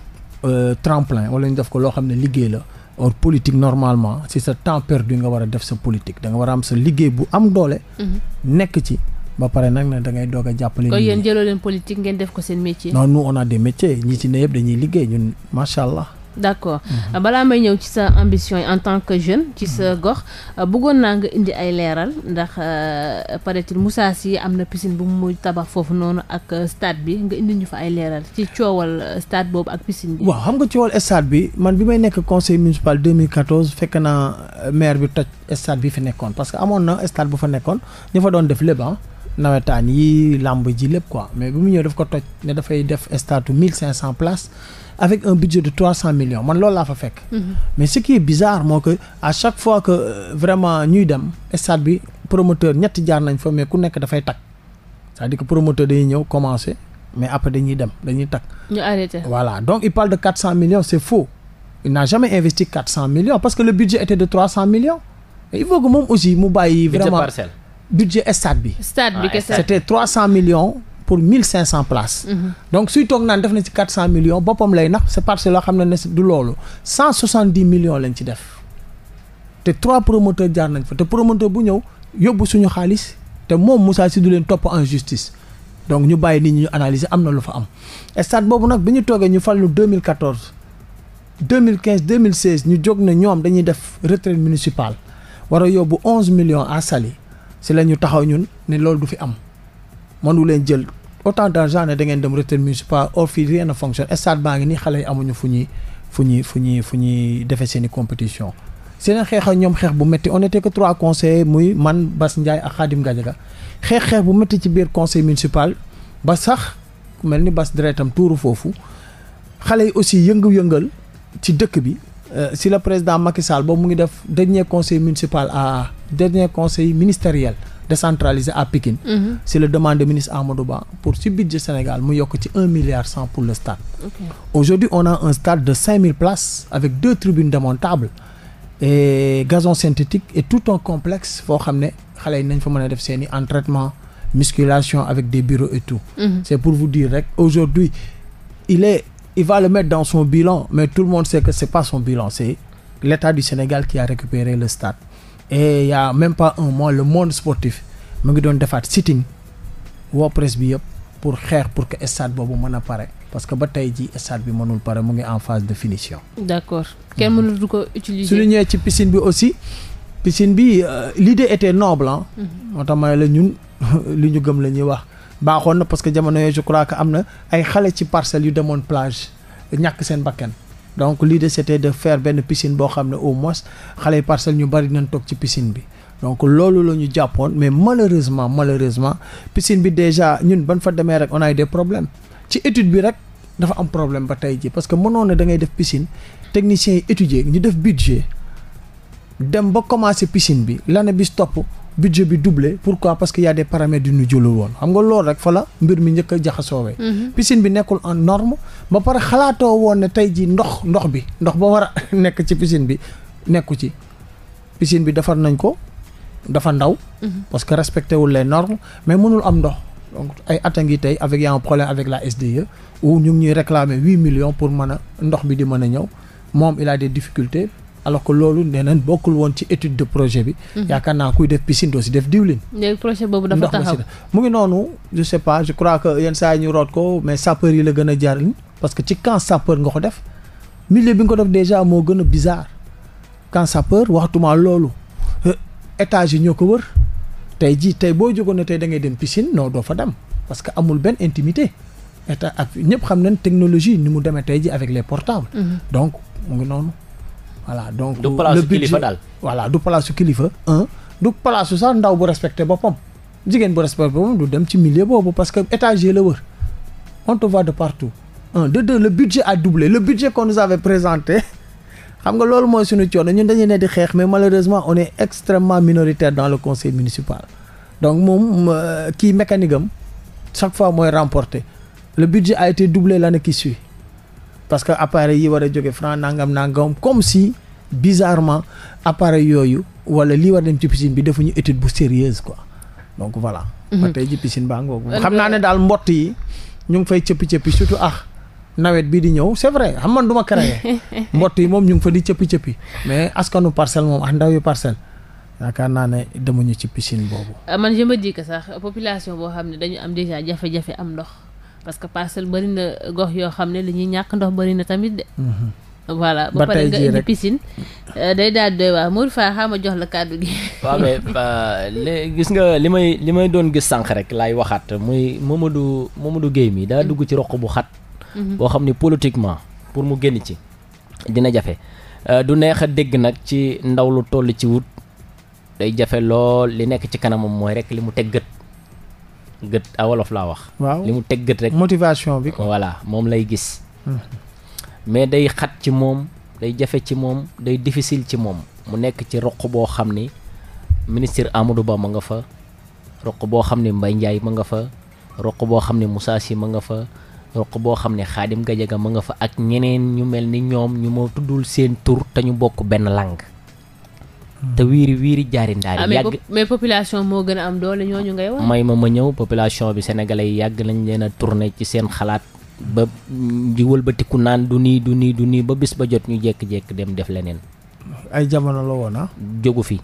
[SPEAKER 3] euh, tremplin wala ñu def ko loo xam ne liggéey la or politique normalement c'est sa temps perdu nga war a def sa politique da nga war a am sa liggéey bu am doole mm-hmm. nekk ci ba pare nag nag da ngay doog a jàppale. kon yéen
[SPEAKER 1] jëloo leen politique ngeen def ko seen métier. non nous
[SPEAKER 3] on a des métiers ñi ci ne yëpp dañuy liggéey ñun macha allah.
[SPEAKER 1] d'accord euh, balaa may ñëw ci sa ambition yi en tant que jeune ci sa mhm. gox euh, bëggoon naa nga indi ay leeral ndax euh, paraît-il Moussa Sy am na piscine bu mu tabax foofu noonu ak stade bi nga indi ñu fa ay leeral ci coowal stade boobu ak piscine bi
[SPEAKER 3] waaw xam nga coowal stade bi man bi may nekk conseil municipal 2014 fekk naa maire bi toj stade bi fi nekkoon parce que amoon na stade bu fa nekkoon ñu fa doon def lépp ah. nawetaan yi làmb ji lépp quoi mais bi mu ñëw daf ko toj ne dafay def stade mille cinq cent places avec un budget de trois cent millions man lool laa fa fekk. Mhm. mais ce qui est bizarre moo que à chaque fois que euh, vraiment ñuy dem stade bi promoteur ñetti jaar nañ fa mais ku nekk dafay takk c'est-à-dire que promoteur dañuy ñëw commencer mais après dañuy dem dañuy takk. ñu arrêté voilà donc il parle de quatre c'est faux. il n'a jamais investi quatre parce que le budget était de trois cent millions. aussi mu bàyyi. vraiment budget budget stade bi. stade bi ah, kese c'était 300 millions. pour mille cinq cent places. Mhm. donc suy toog naan def na ci quatre cent millions boppam lay nax c'est parce que loo xam ne du loolu cent soixante dix millions lañ ci def te trois promoteurs jaar nañ fa te promoteur bu ñëw yóbbu suñu xaalis te moom Moussa si du leen topp en justice donc ñu bàyyi nit ñu analyser am na lu fa am. stade boobu nag bi ñu toogee ñu fal lu 2014 2015 2016 ñu jóg na ñoom dañuy def retraite municipale war a yóbbu onze millions à Saly. si la ñu taxaw ñun ne loolu du fi am mënu leen jël autant d'argent ne da ngeen dem retraite municipal or fii rien ne fonctionne stade baa ngi nii xale yi amuñu fu ñuy fu ñuy fu ñuy fu ñuy defee seen i compétition seen xeex ak ñoom xeex bu métti on était que trois conseillers muy man Bass Ndiaye ak Khadim ga xeex xeex bu métti ci biir conseil municipal ba sax mel ni bas deretam tuuru foofu xale yi aussi yëngu-yëngal ci dëkk bi Euh, si le président Macky Sall boobu mu ngi def dernier conseil municipal à dernier conseil ministériel décentralisé à Pikine. Mm-hmm. si la demande de ministre Amadou Ba pour si budget Sénégal mu yokk ci pour le stade. aujourd'hui on a un stade de cinq mille places avec deux tribunes démontables et gazon synthétique et tout un complexe foo xam ne xale nañ fa mën a def seen i entraînement musculation avec des bureaux et tout. Mm -hmm. c'est pour vous dire rek aujourd'hui il est. il va le mettre dans son bilan, mais tout le monde sait que c'est pas son bilan, c'est l'État du Sénégal qui a récupéré le stade. Et il même pas un mois, le monde sportif mu ngi doon defaat sitting woo presse bi yëpp pour xeex pour que stade boobu mën a pare parce que ba tey ji stade bi mënul pare mu ngi en phase de finition.
[SPEAKER 1] d'accord kenn mhm. mënul du ko utiliser. su ñu
[SPEAKER 3] ñëwee ci piscine bi aussi piscine bi euh, l'idée était noble ah. moo tax ma ne la ñun [laughs] li ñu gëm la ñuy wax. baaxoon na parce que jamono yooyu je crois que am na ay xale ci parcelle yu demoon plage ñàkk seen bakkan donc de c'était de faire benn piscine boo xam ne au moins xale yi parcelles ñu bari nañ toog ci piscine bi donc loolu la ñu jàppoon mais malheureusement malheureusement piscine bi déjà ñun ban fa demee rek on a eu des problèmes ci étude bi rek dafa am problème ba tey ji parce que mënoon na da def piscine technicien yi étudier ñu def budget dem ba commencer piscine bi l'année bi topp budget bi doublé pourquoi parce que y a des paramètres yu ñu jëlul woon xam nga lool rek fa la mbir mi njëkk a jaxasoowee mhm. piscine bi nekkul en norme ba pare xalaatoo woon ne tey ji ndox ndox bi ndox ba war a [laughs] nekk ci piscine bi nekku ci piscine bi defar nañ ko dafa ndaw mhm. parce que respecté wul les normes mais mënul am ndox donc ay at a ngi tey avec y a un problème avec la SDE où ñu ngi ñuy réclamer huit million pour mën a ndox bi di mën a ñëw moom il a des difficultés alors que loolu nee nañ bokkul woon ci étude de projet bi. Mhm. yaakaar naa kuy def piscine doo si def diwlin.
[SPEAKER 1] léegi projet boobu dafa taxaw
[SPEAKER 3] mu ngi noonu je sais pas je crois que yenn saa yi ñu root ko mais sapeur yi la gën a jaar parce que ci camp sapeur nga ko def milieu bi nga ko def déjà moo gën a bizarre camp sapeur waxtuma loolu euh, étage yi ñoo ko wër tey jii tey boo jógoon na tey da ngay dem piscine non doo fa dem parce que amul benn intimité état ak ñëpp xam nañ technologie ni mu demee tey jii avec les portables. Mhm. voilà donc du palaasu kilifa daal voilà du palaasu kilifa un du sax ndaw bu respecté boppam jigéen bu respecté boppam du dem ci milieu boobu parce que étage la wër on te voit de partout un de le budget a doublé le budget qu'on nous avait présenté [laughs] xam nga loolu mooy suñu coono ñun dañuy nee di xeex mais malheureusement on est extrêmement minoritaire dans le conseil municipal donc moom euh, kii mécanique chaque fois mooy remporté le budget a été doublé l'année qui suit parce que appareil yi war a jóge franc nangam nangam comme si bizarrement appareil yooyu wala lii war dem ci piscine bi defuñu étude bu sérieuse ko donc voilà. Mhm. ba tey ji piscine baa ngoog. xam naa ne daal mbott yi ñu ngi fay cëpp cëpp surtout ah. nawet bii di ñëw c'est vrai xam man du ma [laughs] mbott yi moom ñu ngi fa di cëppi cëppi mais askanu parcelle moom ak ah, ndaw yu parcelle yaakaar naa ne demuñu ci piscine boobu.
[SPEAKER 1] Euh, man je me dis que sax population boo xam ne dañu am déjà jafe-jafe ndox. parce que parcelle bëri na gox yoo xam ne li ñuy ñàkk ndox bëri na tamit de. Mhm. voilà ba pare nga indi piscine. Euh, day daal doy waar Modou Fall xaama jox la kàddu gi. [laughs]
[SPEAKER 2] Euh, gis nga li may li may doon gis sànq rek laay waxaat muy moom a Mamadou Mamadou géey mi daa mhm. dugg ci roq bu xat. Mhm. boo xam ni politiquement pour mu génn ci dina jafe. Euh, du neex a dégg nag ci ndaw lu toll ci wut day jafe lool li nekk ci kanamam mooy rek li mu teg gët gët awolof ah, laa wax. waaw li mu teg gët rek. motivation bi quoi voilà moom lay gis. Hmm. mais day xat ci moom day jafe ci moom day difficile ci moom. mu nekk ci roq boo xam ni ministre Amadou Ba ma nga fa roq boo xam ne Mbaye Ndiaye ma nga fa roq boo xam ne Moussa Sy ma nga fa roq boo xam ne xaadim Gadiaga ma nga fa ak ñeneen ñu mel ni ñoom ñu ma tuddul seen tur te ñu bokk benn langue. te wiiri wiiri jaari ndaari ah, yàgg
[SPEAKER 1] mais population moo gën a am doole ñooñu ngay wax. may
[SPEAKER 2] ma ma ñëw population bi sénégalais yi yàgg nañ leen a tourné ci seen xalaat ba di wëlbatiku naan du nii du nii ba bis ba jot ñu jékki-jékki dem def leneen.
[SPEAKER 3] ay jamono la woon a ah?
[SPEAKER 2] jógu fi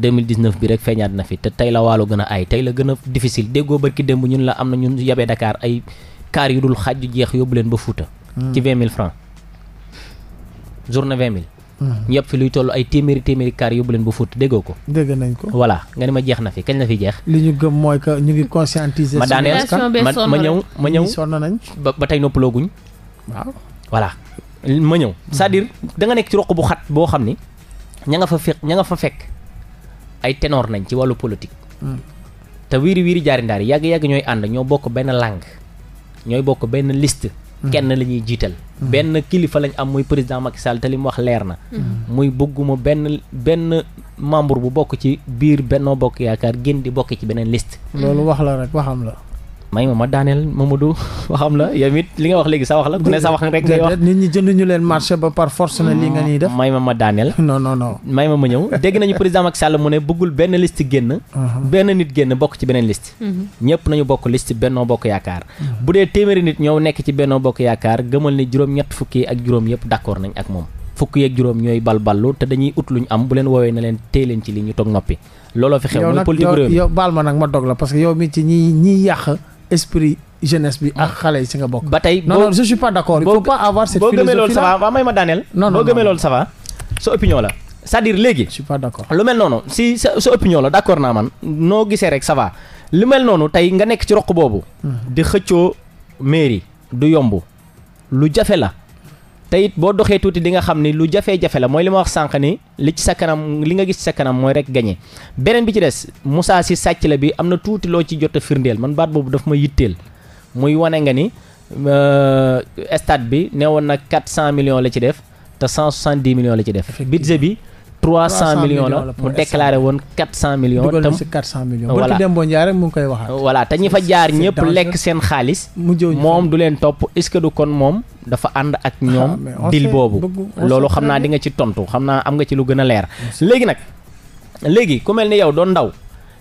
[SPEAKER 2] 2019 bi rek feeñaat na fi te tey la waalo gën a ay tey la gën a difficile déggoo barki démb ñun la am na ñun yabee dakaar ay kaar yu dul xaaj jeex yóbbu leen ba Fuuta. Hmm. ci 20 000 francs journée 20 ñëpp mm-hmm. luy toll ay téeméeri téeméeri kaar yóbbu leen ba Fouta déggoo ko. dégg nañ ko voilà nga ne ma jeex na fi kañ la fi jeex.
[SPEAKER 3] li ñu gëm mooy que ñu ngi conscientiser.
[SPEAKER 2] ma daaneel ma ñëw ma ñëw sonn nañ ba ba tey noppalooguñ. waaw voilà ma ñëw. Mm-hmm. cest danga nekk ci roq bu xat boo xam ni ña nga fa fekk ña nga fa fekk ay ténor nañ ci wàllu politique. Mm. te wiiri wiiri jaari ndaar yàgg yàgg ñooy ànd ñoo bokk benn langue ñooy bokk benn list kenn lañuy jiital mm-hmm. benn kilifa lañ am muy président Macky Sall te li mu wax leer na mm-hmm. muy bëgguma benn benn membre bu bokk ci biir Benno Bokk Yaakaar génn di bokk ci beneen liste mm-hmm. loolu wax la rek waxam la may ma ma daaneel Mamadou [laughs] waxam la yow li nga wax léegi sa wax la ku ne sa wax rek ngay wax na li nga nii def may ma ma daaneel [laughs] non non non may ma ma ñëw dégg nañu président Macky Sall mu ne bëggul benn liste génn uh-huh. benn nit génn bokk ci beneen liste mm-hmm. ñëpp nañu bokk liste bennoo bokk yaakaar mm-hmm. bu dee téeméeri nit ñoo nekk ci bennoo bokk yaakaar gëmal ni juróom-ñett fukki ak juróom yëpp d'accord nañ ak moom fukk yeeg juróom ñooy balballu te dañuy ut luñ am bu leen woowee na leen téye
[SPEAKER 3] esprit jeunesse bi ak ah. xale yi si nga bokk. ba tey non non je suis pas d' accord. il faut pas avoir boo gëmee loolu ça va waaw
[SPEAKER 2] may ma daaneel. non non boo gëmee loolu ça va sa la. c'est-à-dire léegi. je lu mel noonu si sa sa opinion la d'accord naa man noo gisee rek ça va lu mel noonu tey nga nekk ci roq boobu. Hmm. di xëccoo mairie du yomb lu jafe la. te it boo doxee tuuti di nga xam ni lu jafe-jafe la mooy li ma wax sànq ni li ci sa kanam li nga gis ci sa kanam mooy rek gañe beneen bi ci des Moussa si sàcc la bi am na tuuti loo ci jot a firndeel man baat boobu dafa ma yitteel muy wane nga ni euh, stade bi neewoon na 400 million la ci def te 170 millions la ci def budget bi 300 millions la mu déclaré woon 400 millions. tam si 400 millions. voilà dem
[SPEAKER 3] boo njaay rek mu ngi koy waxaat.
[SPEAKER 2] voilà te ñi fa jaar ñëpp lekk seen xaalis. moom du leen topp est-ce que kon moom dafa ànd ak ah, ñoom. dil boobu loolu xam naa di nga ci tontu xam naa am nga ci lu gën a leer. léegi nag léegi ku mel ni yow doon ndaw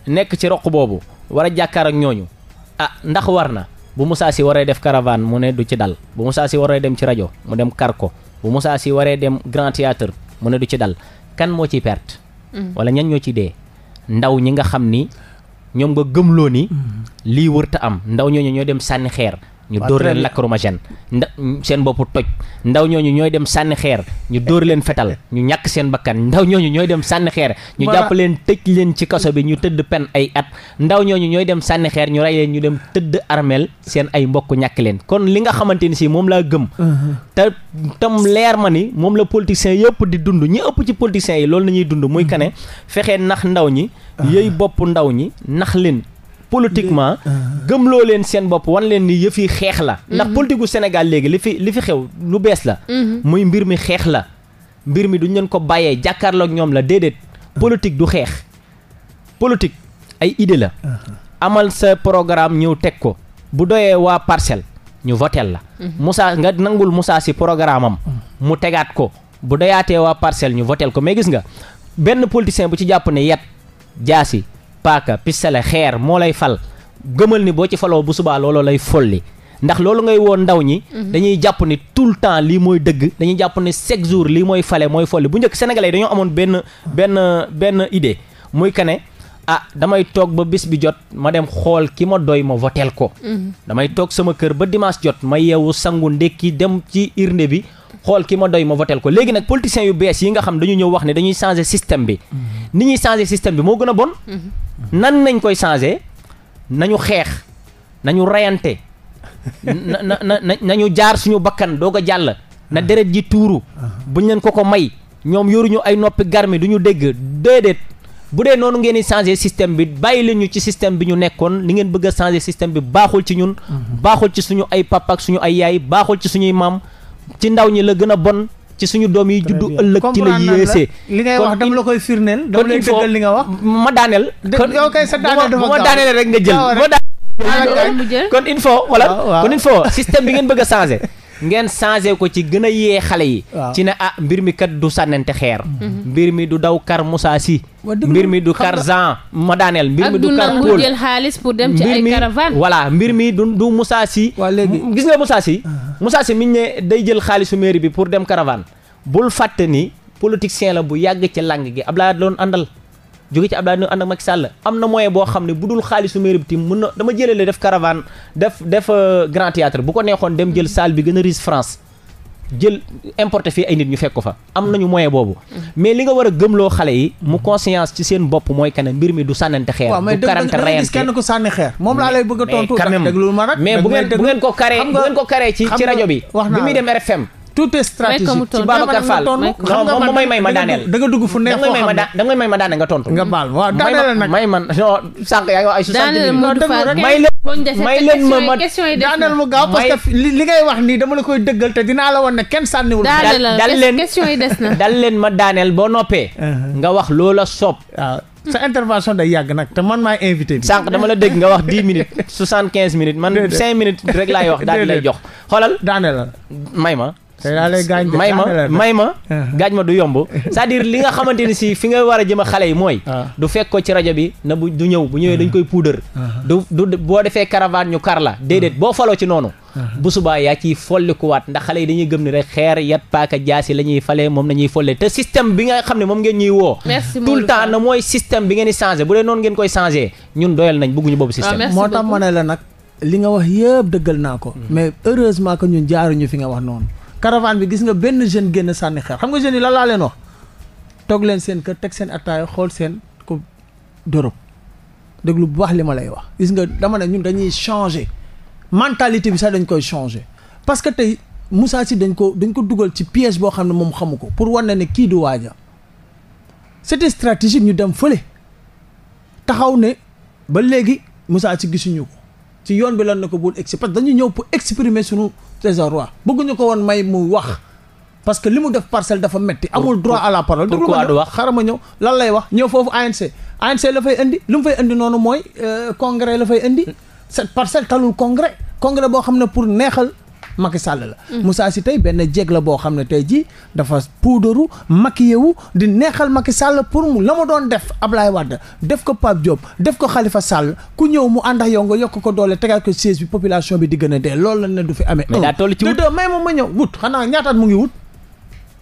[SPEAKER 2] nekk ci roq boobu war a jàkkaar ak ñooñu ah ndax war na bu musaa si waree def caravane mu ne du ci dal bu Moussa si waree dem ci rajo mu dem kar ko bu musaa si waree dem grand théâtre mu ne du ci dal kan moo ciy perte. Mm. wala ñan ñoo ci dee ndaw ñi nga xam ni ñoom nga gëmloo ni. Mm. lii wërta am ndaw ñooñu ñoo dem sànni xeer. ñu dóor leen lacrymogène nda seen bopp toj ndaw ñooñu ñooy dem sànni xeer ñu dóor leen fetal ñu ñàkk seen bakkan ndaw ñooñu ñooy dem sànni xeer ñu jàpp leen tëj leen ci kaso bi ñu tëdd pen ay at ndaw ñooñu ñooy dem sànni xeer ñu rey ñu dem tëdd armeel seen ay mbokk ñàkki leen kon li nga xamante ni si moom laa gëm uh-huh. te tam leer ma ni moom la politiciens yëpp di dund ñu ëpp ci politiciens yi loolu la dund muy kane uh-huh. fexe nax ndaw ñi uh-huh. yëy bopp ndaw ñi nax leen politiquement ah. gëmloo leen seen bopp wan leen ni yëf xeex la mm-hmm. ndax politique gu Sénégal léegi li fi li fi xew lu bees la mm-hmm. muy mbir mi xeex la mbir mi duñ leen ko bàyyee jàkkaarloog ñoom la déedéet ah. politique du xeex politique ay idée la ah. amal sa programme ñëw teg ko bu doyee waa parcelle ñu votel la Moussa mm-hmm. nga nangul musaa si programme am mm. mu tegaat ko bu doyaatee waa parcelle ñu votel ko mais gis nga benn politicien bu ci jàpp ne jaasi paaka pistale xeer moo lay fal gëmal ni boo ci faloo bu subaa looloo lay folli ndax loolu ngay woon ndaw ñi mhm. dañuy jàpp ni tout le temps lii mooy dëgg dañuy jàpp ni chaque jour lii mooy fale mooy folli bu njëkk sénégalais yi amoon benn benn benn idée muy kane ah damay toog ba bis bi jot ma dem xool ki ma doy ma voteel ko mhm. damay toog sama kër ba dimanche jot ma yeewu sangu ndékki dem ci urne bi xool ki ma doy ma voteel ko léegi nag politiciens yu bees yi nga xam dañu ñëw wax ne dañuy changer système bi mm-hmm. ni ñuy changer système bi moo gën a bon
[SPEAKER 4] mm-hmm.
[SPEAKER 2] nan nañ koy changer nañu xeex nañu reyante na na na nañu jaar suñu bakkan doog a jàll na mm-hmm. deret ji tuuru uh-huh. buñ leen ko ko may ñoom yoruñu ay noppi garmi duñu dégg déedéet bu dee noonu ngeen di changer système bi bàyyi leen ñu ci système bi ñu nekkoon li ngeen bëgg a changer système bi baaxul ci ñun baaxul ci suñu ay papa suñu ay yaay baaxul ci suñuy maam ci ndaw ñi la gën a bon ci suñu doom yi juddu ëllëg ci la yéesee li ngay wax dama la koy firndeel dama la dëggal li nga wax ma daaneel yow kay sa daaneel dafa ma daaneel rek nga jël kon il faut voilà kon il faut système bi ngeen bëgg a changer [laughs] ngeen changé ko ci gën a yee xale yi ci ne ah mbir mi kat du sànnante xeer mhm. mbir mi du daw kar Moussa si mbir mi du kar Jean madaaneel daaneel mbir mi du kar
[SPEAKER 1] xaalis pour dem voilà
[SPEAKER 2] mbir mi du du Moussa si gis nga Moussa si ah. Moussa si miñ ne day jël xaalisu mairie bi pour dem caravane bul fàtte ni politicien la bu yàgg ci làng gi ab laa doon àndal jóge ci Abdoulaye Wade ànd ak Macky Sall am na moyen boo xam ne bu dul xaalisu mairie bi tim mën na dama jëlee def caravane def def euh, grand théâtre bu ko neexoon dem jël salle bi gën a riche France jël importé fii ay nit ñu fekk fa am nañu moyen boobu mm-hmm. mais li nga war a gëmloo xale yi mu mm-hmm. conscience ci seen bopp mooy que ne mbir mi du sànnante xeer du karante rayante kenn ko
[SPEAKER 3] sànni xeer moom laa lay bëgg a tontu mais bu ngeen bu ngeen ko karee bu ngeen ko karee ci ci rajo bi bi muy dem
[SPEAKER 2] RFM tout est ci Babacar Fall non moom may may ma daaneel da nga dugg fu neex foo xam may ma daaneel nga tontu nga baal waaw daaneel nag may ma ma daaneel mu gaaw parce
[SPEAKER 3] li ngay wax nii dama la koy dëggal dinaa la wan ne kenn sànniwul dal leen question yi
[SPEAKER 2] [laughs] leen ma daaneel boo noppee uh-huh. nga wax loola soob sa intervention day yàgg nag te man maay invité bi sànq dama la dégg nga wax dix minutes soixante quinze minutes man cinq minutes rek laay wax daal di lay jox xoolal daaneel may ma may ma may ma ah. gaaj ma du yomb cest diir li nga xamante ni si fi nga war a jëm a xale yi mooy ah. du fekk ko ci rajo bi na bu du ñëw bu ñëwee dañ ah. koy puudar du du boo defee caravane ñu kar la déedéet boo faloo ci noonu bu subaa yaa ciy follikuwaat ndax xale yi dañuy gëm ni rek xeer yat paaka jaasi la ñuy falee moom nañuy folle te système bi nga xam ne moom ngeen ñuy woo tout le temps mooy système bi ngeen di changé bu dee noonu ngeen koy changé ñun doyal nañ bëgguñu boobu système moo tax ma ne
[SPEAKER 4] la
[SPEAKER 3] nag li nga wax yëpp dëggal naa ko mm-hmm. mais heureusement que ñun jaaruñu fi nga wax noonu caravane bi gis nga benn jeune génn sànni xeer xam nga jeunes yi lan laa leen toog leen seen kër teg seen attaaya xool seen ko d'Europe déglu bu baax li ma lay wax gis nga dama ne ñun dañuy changer mentalité bi sax dañ koy changer parce que tey musaa si dañ ko dañ ko dugal ci piège boo xam ne moom xamu ko pour wane ne kii du waaja c'était stratégique ñu dem fële taxaw ne ba léegi Moussa Sy gisuñu ko ci yoon bi lan na ko bul egsi parce que dañu ñëw pour exprimer sunu désarroi bëgguñu ko woon may mu wax parce que li mu def parcelle dafa metti amul droit à la parole pourquoi du wax xaaral ma ñëw lan lay wax ñëw foofu ANC ANC la fay indi lu mu fay indi noonu mooy euh, congrès la fay indi cette parcelle talul congrès congrès boo xam ne pour neexal Macky sàll la. Moussa Sy tey benn jéeg la boo xam ne tey jii dafa puudaru maquillé wu di neexal Macky sàll pour la mu doon def Ablaye Wade def ko Pape Diop def ko Khalifa Sall ku ñëw mu ànd yow nga yokk ko doole tegal ko siège bi population bi di gën a dee lool la ne du fi amee. mais daa toll ci wut te de may ma ma ñëw wut xanaa ñaataat mu ngi wut.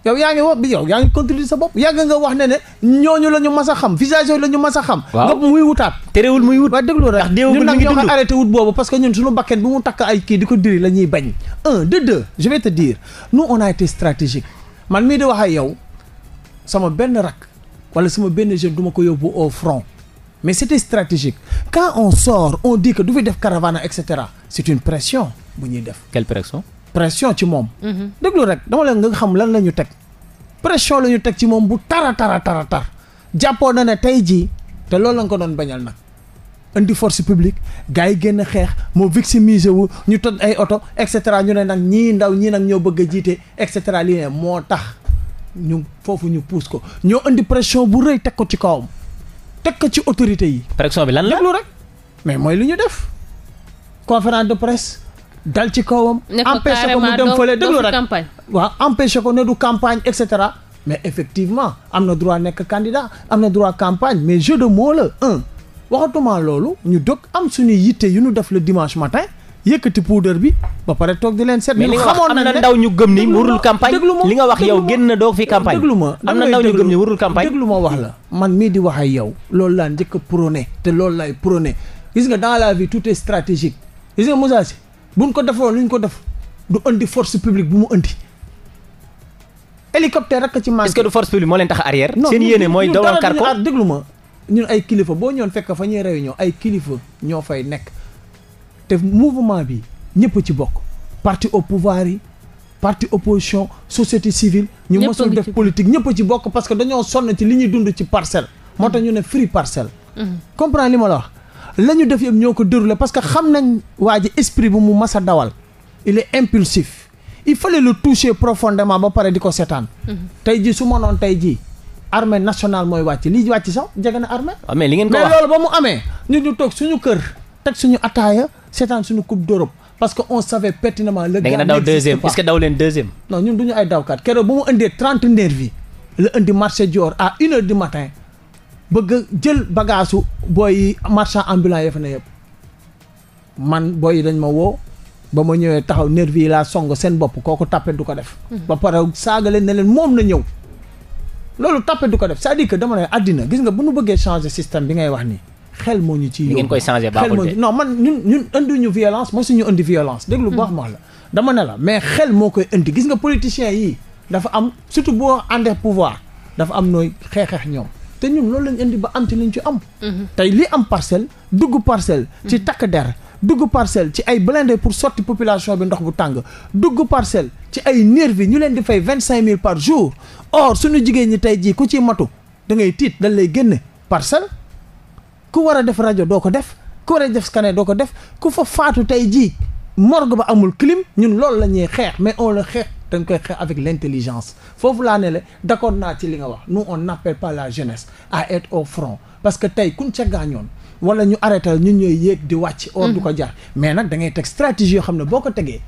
[SPEAKER 3] yow yaa ngi wax bi yow yaa ngi continuer sa bopp yàgg nga wax ne ne ñooñu la ñu mas a xam visage yooyu la ñu mas a xam nga muy wutaat terewul muy wut waaye déglu rek ñun nag ñoo ko arrêté wut boobu parce que ñun suñu bakken bi mu takk ay kii di ko diri la ñuy bañ un de deux te dire nous on a été stratégique man mii di wax ak yow sama benn rak wala sama benn jeune du ma ko yóbbu au front mais c'était stratégique quand on sort on dit que du fi def caravane et cetera c'est une pression
[SPEAKER 2] bu ñuy def quelle
[SPEAKER 3] pression ci moom. Mm-hmm. déglu rek dama leen nga xam lan la ñu teg pression la ñu teg ci moom bu tara tara tara tar jàppoo na ne tey jii te loolu lañ ko doon bañal nag. indi force publique gars yi génn xeex moo victimisé wu ñu toj ay oto et cetera ñu ne nag ñii ndaw ñii nag ñoo bëgg a jiite et cetera lii ne moo tax ñu foofu ñu pousse ko ñoo indi pression bu rëy teg ko ci kawam teg ko ci autorité yi.
[SPEAKER 2] pression bi lan la déglu
[SPEAKER 3] rek mais mooy lu ñu def conférence de presse dal ci kawam. empêché ko mu dem fële déglu rek waaw empêché ko ne du campagne et cetera. mais effectivement am na droit nekk candidat am na droit campagne mais jeu de mots la un waxatuma loolu ñu dog am suñuy yitte yu nu def la dimanche matin. yëkkati puudar bi ba pare toog di leen seet. mais li nga wax am na ndaw ñu gëm ni warul campagne li nga wax yow génn na doo fi campagne. déglu ma am na ndaw ñu gëm ni warul campagne. déglu ma wax la man mii di wax ak yow. loolu laa njëkk a prôné te loolu laay prôné gis nga dans la vie tout est stratégique gis buñ ko defoo ñu ko def du indi force publique bu mu indi. hélicoptère rek ci
[SPEAKER 2] manqué. est-ce que du force publique moo leen tax arrière. seen yéene mooy dawal carco non ah,
[SPEAKER 3] déglu ma ñun ay kilifa boo ñoon fekk fa ñuy réunion ay kilifa ñoo fay nekk te mouvement bi ñëpp ci bokk parti au pouvoir yi parti opposition société civile. ñu mosul def politique ñëpp ci bokk parce que dañoo sonn ci li ñuy dund ci parcelle. moo tax ñu ne free parcelle. Mhm. comprends li ma la wax. la ñu def yëpp ñoo ko déroulé parce que xam nañ waa ji esprit bu mu mas a dawal il est impulsif il fallait le toucher profondément ba pare di ko seetaan. Mhm. tey ji su ma noon tey jii armée nationale mooy wàcc lii wàcc sax jege na armée. Ah, mais li ngeen ko wax loolu ba mu amee. ñu ñu toog suñu kër teg suñu ataaya seetaan suñu coupe d'Europe parce que on savait pertinemment. le gars daw deuxième est que
[SPEAKER 2] daw leen deuxième.
[SPEAKER 3] non ñun duñu ñu ay dawkat keroog bu mu indee trente nervi la indi marché Dior à une heure du matin. bëgg jël bagaasu booy yi marchand ambulant ya fa yëpp man booy yi dañ ma woo ba ma ñëwee taxaw nervi yi laa song seen bopp kooku tàppet du ko def mhm. ba pare saaga leen ne leen moom na ñëw loolu tàppet du ko def c'est-à-dire que dama ne àddina gis nga bu nu bëggee changer système bi ngay wax nii xel moo ñu ci ngeen koy changer baaxul de non man ñun ñun indi ñu violence moo suñu indi violence déglu bu mhm. ma la dama ne la mais xel moo koy indi gis nga politiciens yi dafa am surtout boo àndee pouvoir dafa am nooy xeexeex ñoom te ñun loolu lañ indi ba am ci liñ ci am. Mhm. tey li am parcelle dugg parcelle. ci mhm. takk der dugg parcelle ci ay blindé pour sotti population bi ndox bu tàng dugg parcelle ci ay nervi ñu leen di fay vingt cinq mille par jour or suñu jigéen ñi tey jii ku ciy matu da ngay tiit dañ lay génne parcelle ku war a def rajo doo ko def ku war a def scanner doo ko def ku fa faatu tey jii morgue ba amul clim ñun loolu la ñuy xeex mais on le xeex. dañ koy xeex avec l'intelligence foofu laa ne la d'accord naa ci li nga wax nous on n'appelle pas la jeunesse parce que tey kuñ ca gaañoon wala ñu arrêté ñun ñooy yéeg di wàcc or ko mhm. jar mais nag da ngay teg stratégie yoo xam ne boo ko tegee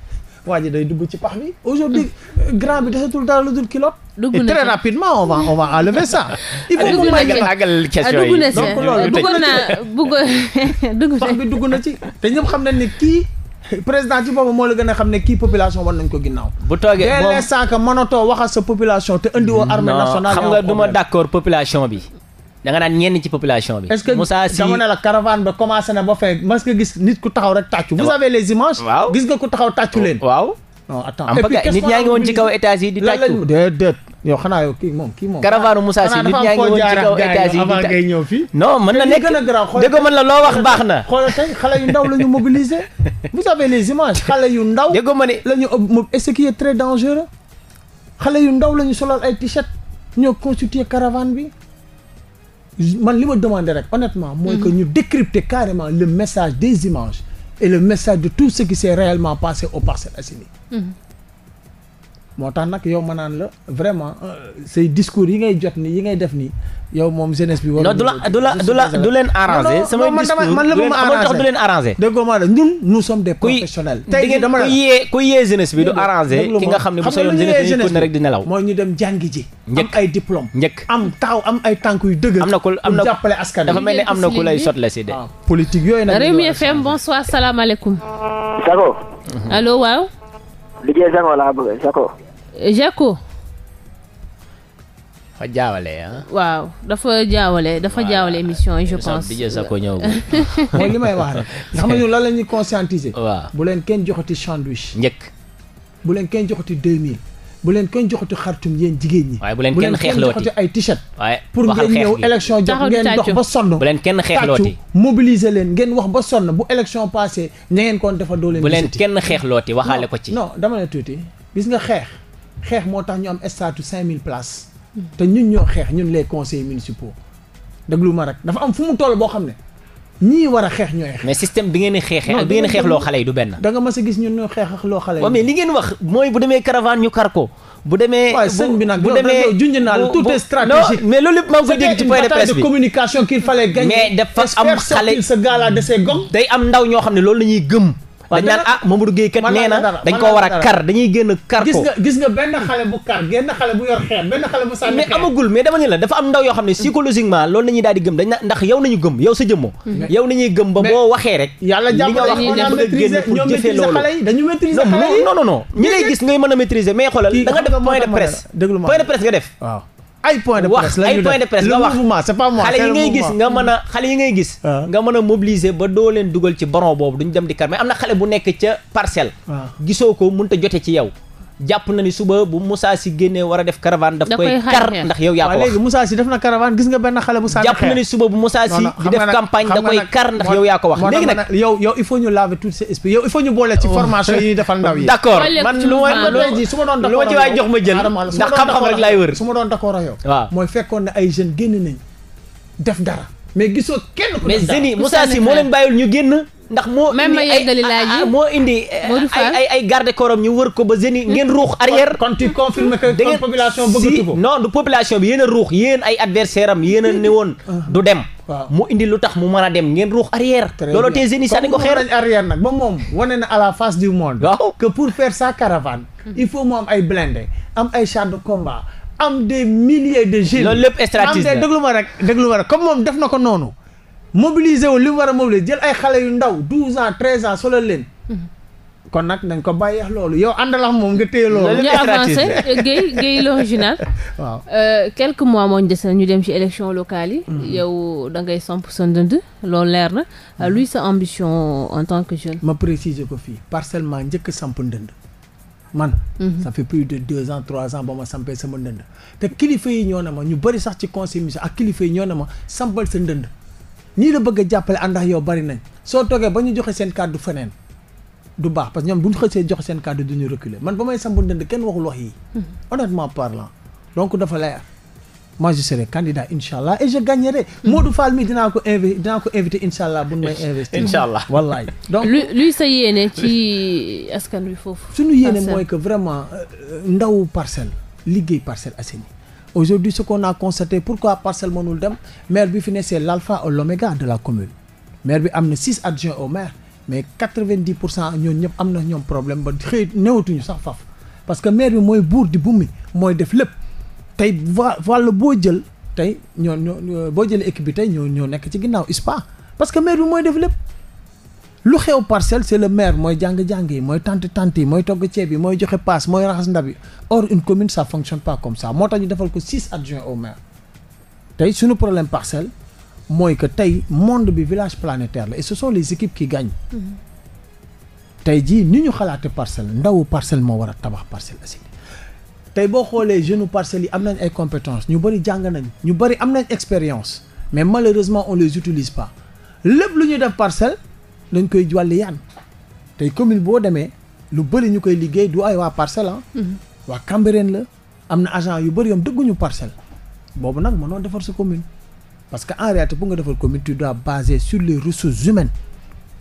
[SPEAKER 3] waa ji dugg ci pax bi aujourd'hui mhm. grand bi desatul dara lu dul kilo dugg na très rapidement on va on va enlever ça. [laughs] il faut que may àggal
[SPEAKER 1] question ah, yi [laughs] dugg na ci
[SPEAKER 3] te ñëpp xam nañ ne kii. président ci boobu moo la gën a xam ne kii population war nañ ko ginnaaw.
[SPEAKER 2] bu toogee moom dès l'instant
[SPEAKER 3] que mënatoo sa population te andi woo armée nationale xam nga
[SPEAKER 2] d'accord population bi. da nga naan ñenn ci population bi. Moussa Sy est la
[SPEAKER 3] caravane ba commencé na ba fay mas nga gis nit ku taxaw rek tàccu. vous
[SPEAKER 2] avez les images. waaw gis nga ku taxaw tàccu leen. waaw. non attends am nga nit ñaa ngi woon ci kaw étage
[SPEAKER 3] yi di tàccu déedéet yow xanaa yow kii moom kii moom caravane Moussa Sy nit ñaa ngi woon ci kaw étage yi avant ngay ñëw fii non mën na nekk gën a garaaw dégg mën la loo wax baax na xoolal tey xale yu ndaw la ñu mobiliser vous avez les images xale yu ndaw dégg ma ne la ñu et ce qui est très dangereux xale yu ndaw la ñu solal ay t-shirt ñoo constituer caravane bi man li ma demandé rek honnêtement mooy que mm. ñu décrypter carrément le message des images et le message de tout ce qui s'est réellement passé au Parcelles Assainies. Mm-hmm. moo tax nag yow ma naan la vraiment euh, say discours yi ngay jot ni yi ngay def nii yow moom jeunesse bi. war du la du la du la du leen arrangé. samay discours man la ma arrangé du leen arrangé. déggoo ma la ñun nous sommes des professionnels. tey jii dama la ku yee ku
[SPEAKER 2] yee jeunesse bi du arrangé. ki nga xam ne bu soobee jeunesse bi ne rek di nelaw. mooy ñu dem jàngi ji. njëkk am ay diplôme. njëkk am taxaw am ay tànk yu dëgg. am na ku am na ku jàppale askan wi dafa mel ni am na ku lay sotle si de. Ah, politique yooyu nag. Rewmi
[SPEAKER 1] FM bonsoir salaamaaleykum. Sakho. allo waaw. liggéey Sakho laa bëgg Sakho. Jacko dafa jaawale ah. waaw dafa jaawale dafa jaawale émission yi je pense. DJ Sakho ñëwagul. mooy li may wax rek. xam nga ñun lan la
[SPEAKER 3] ñuy conscientiser. waaw bu leen kenn joxati sandwich. njëkk. bu leen kenn joxati 2000. bu leen kenn joxati xartum yéen jigéen ñi. waaye bu leen kenn xeexlooti bu leen joxati
[SPEAKER 2] ay t-shirt. waaye pour ngeen ñëw élection
[SPEAKER 3] jox ngeen dox ba sonn. bu leen kenn xeexlooti mobiliser leen ngeen wax ba sonn bu élection passé ña ngeen kon dafa doo leen. bu leen kenn xeexlooti waxaale ko ci. non dama ne tuuti gis nga xeex. xeex moo tax ñu am statut cinq mille places te ñun ñoo xeex ñun les conseils municipaux déglu ma rek dafa am fu mu toll boo xam ne ñii war a xeex ñooy xeex
[SPEAKER 2] mais système bi ngeen di xeexee ak bi ngeen di xeex loo xale yi du benn da
[SPEAKER 3] nga mas gis ñun ñoo xeex ak loo xale yi waaw mais li ngeen
[SPEAKER 2] wax mooy bu demee caravane ñu kar ko bu demee waaye sëñ bi nag dégg ci point de presse bi mais dafa am xale day am ndaw ñoo xam ne loolu la ñuy gëm dañ naan ah Mamadou Gueye kat nee na dañ ko war a kar dañuy génn kar ko gis nga benn xale bu kar génn xale bu yor xeer benn xale bu sànni mais amagul mais dama ne la dafa am ndaw yoo xam ne mm. psychologiquement loolu la ñuy di gëm ndax yow nañu gëm yow sa jëmmoo mm. yow nañuy gëm ba boo waxee rek yàlla li wax mën a génn pour jëfee loolu gis xoolal da nga def point de presse point de presse nga def ay point de presse wax ay point de presse nga wax yi ngay gis nga mën a xale yi ngay gis. Ah. nga mën a mobiliser ba doo leen dugal ci baron boobu duñ dem di kar mais am na xale bu nekk ca parcelle. Ah. gisoo ko mun a jote ci yow. jàpp na ni suba bu Moussa génnee war a def caravane daf koy kar ndax yow yaa ko wax
[SPEAKER 3] léegi def na caravane gis nga benn xale bu def campagne da koy kar ndax yow yaa ko wax léegi nag
[SPEAKER 2] yow il faut ñu laver tout
[SPEAKER 3] ces esprits yow il faut ñu boole ci oh. formation yi defal ndaw yi d'accord man lu ma lu ma su jox ma jël ndax xam-xam rek laay wër mooy fekkoon ne ay jeunes génn nañ
[SPEAKER 2] def dara mais gisoo kenn ku mais jeunes yi Moussa Sy moo leen bàyyul ñu génn ndax moo indi ay ah, ah, moo indi eh, ay ay garde corps ñu war ko ba jeunes hmm. ngeen ruux arrière. kon tu confirmes que kon population bëggatu ko non du population bi yéen ruux yéen ay adversaire ne woon ah. du dem. mu indi lu tax mu mën a dem ngeen ruux arrière. loolu te jeunes yi sànni ko xeer arrière nag ba
[SPEAKER 3] moom wane na à la face du monde. waaw que pour faire sa caravane. Hmm. il faut mu ay blindé am ay chars de combat am de milliers de jeunes. loolu lépp stratégie am des ma rek déglu ma rek comme moom def na ko noonu. mobiliser wu li mu war a mobiliser jël ay xale yu ndaw 12 ans 13 ans solal leen. Mhm. kon nag nañ ko bàyyi loolu yow àndalax moom nga téye loolu. ñu avancé
[SPEAKER 1] Guèye Guèye l'original. [laughs] waaw euh, quelques mois moo ñu des ñu dem ci élection locale yi. Mhm. yow dangay samp sa ndënd loolu leer na euh, mhm. luy sa ambition en tant que jeune. ma préciser ko fii parcellement njëkk samp ndënd man. ça fait plus de deux ans
[SPEAKER 3] trois ans ba ma sampee sama ndënd te kilifa yi ñoo ne ma ñu bëri sax ci conseil municipal yi ñoo ne ma sampal sa ndënd. ñii la bëgg a jàppale ànd yow bari nañ soo toogee ba ñu joxe seen kàddu feneen du baax parce que ñoom bu ñu xësee joxe seen kàddu du ñu reculer man ba may samp ndënd kenn waxul wax yi mm-hmm. honnêtement parlant donc dafa leer moi je serai candidat incha allah et je gagnerai. Mm-hmm. Modou mi dinaa ko invi dinaa ko invité incha allah buñ may [laughs] investir. incha allah wallaay donc lu
[SPEAKER 1] luy sa yéene ci askan wi foofu. suñu yéene mooy que
[SPEAKER 3] vraiment euh, euh, ndaw parcelle liggéey Parcelles Assainies aujourd'hui ce qu'on a constaté pourquoi parcelle mënul dem maire bi fi ne c'est l'alpha et l'oméga de la commune maire bi am na six adjoints au maire mais quatre-vingt-dix pour cent ñoom ñëpp am na ñoom problème ba xëy néewatuñu sax faf parce que maire bi mooy buur di bumi mooy def lépp tey wàll boo jël tey ñoo ñoo boo jëlee équipe bi tey ñoo ñoo nekk ci ginnaaw ISPA parce que maire bi mooy def lépp lu xew parcelle c'est le maire mooy jàng-jàng yi mooy tant tant yi mooy togg ceeb yi mooy joxe paas mooy raxas ndab yi or une commune ça fonctionne pas comme ça moo tax ñu defal ko six adjoints au maire tey suñu problème parcelle mooy que tey monde bi village planétaire la et ce sont les équipes qui gagnent
[SPEAKER 4] mm-hmm.
[SPEAKER 3] tey jii ni ñu xalaate parcelle ndawu parcelle moo war a tabax Parcelles Assainies tey boo xoolee jeunes parcelle yi am nañ ay compétences ñu bëri jàng nañ ñu bëri am nañ expérience mais malheureusement on les utilise pas lépp lu ñuy def parcelle dañ koy wàlli yaan tey commune boo demee lu bëri ñu koy liggéey du ay waa parcelle ah mhm. waa Cambérène la am na agent yu bëri yoom dëgguñu parcelle boobu nag mënoo defar sa commune parce que en bu nga defar commune tu dois baser sur les ressources humaines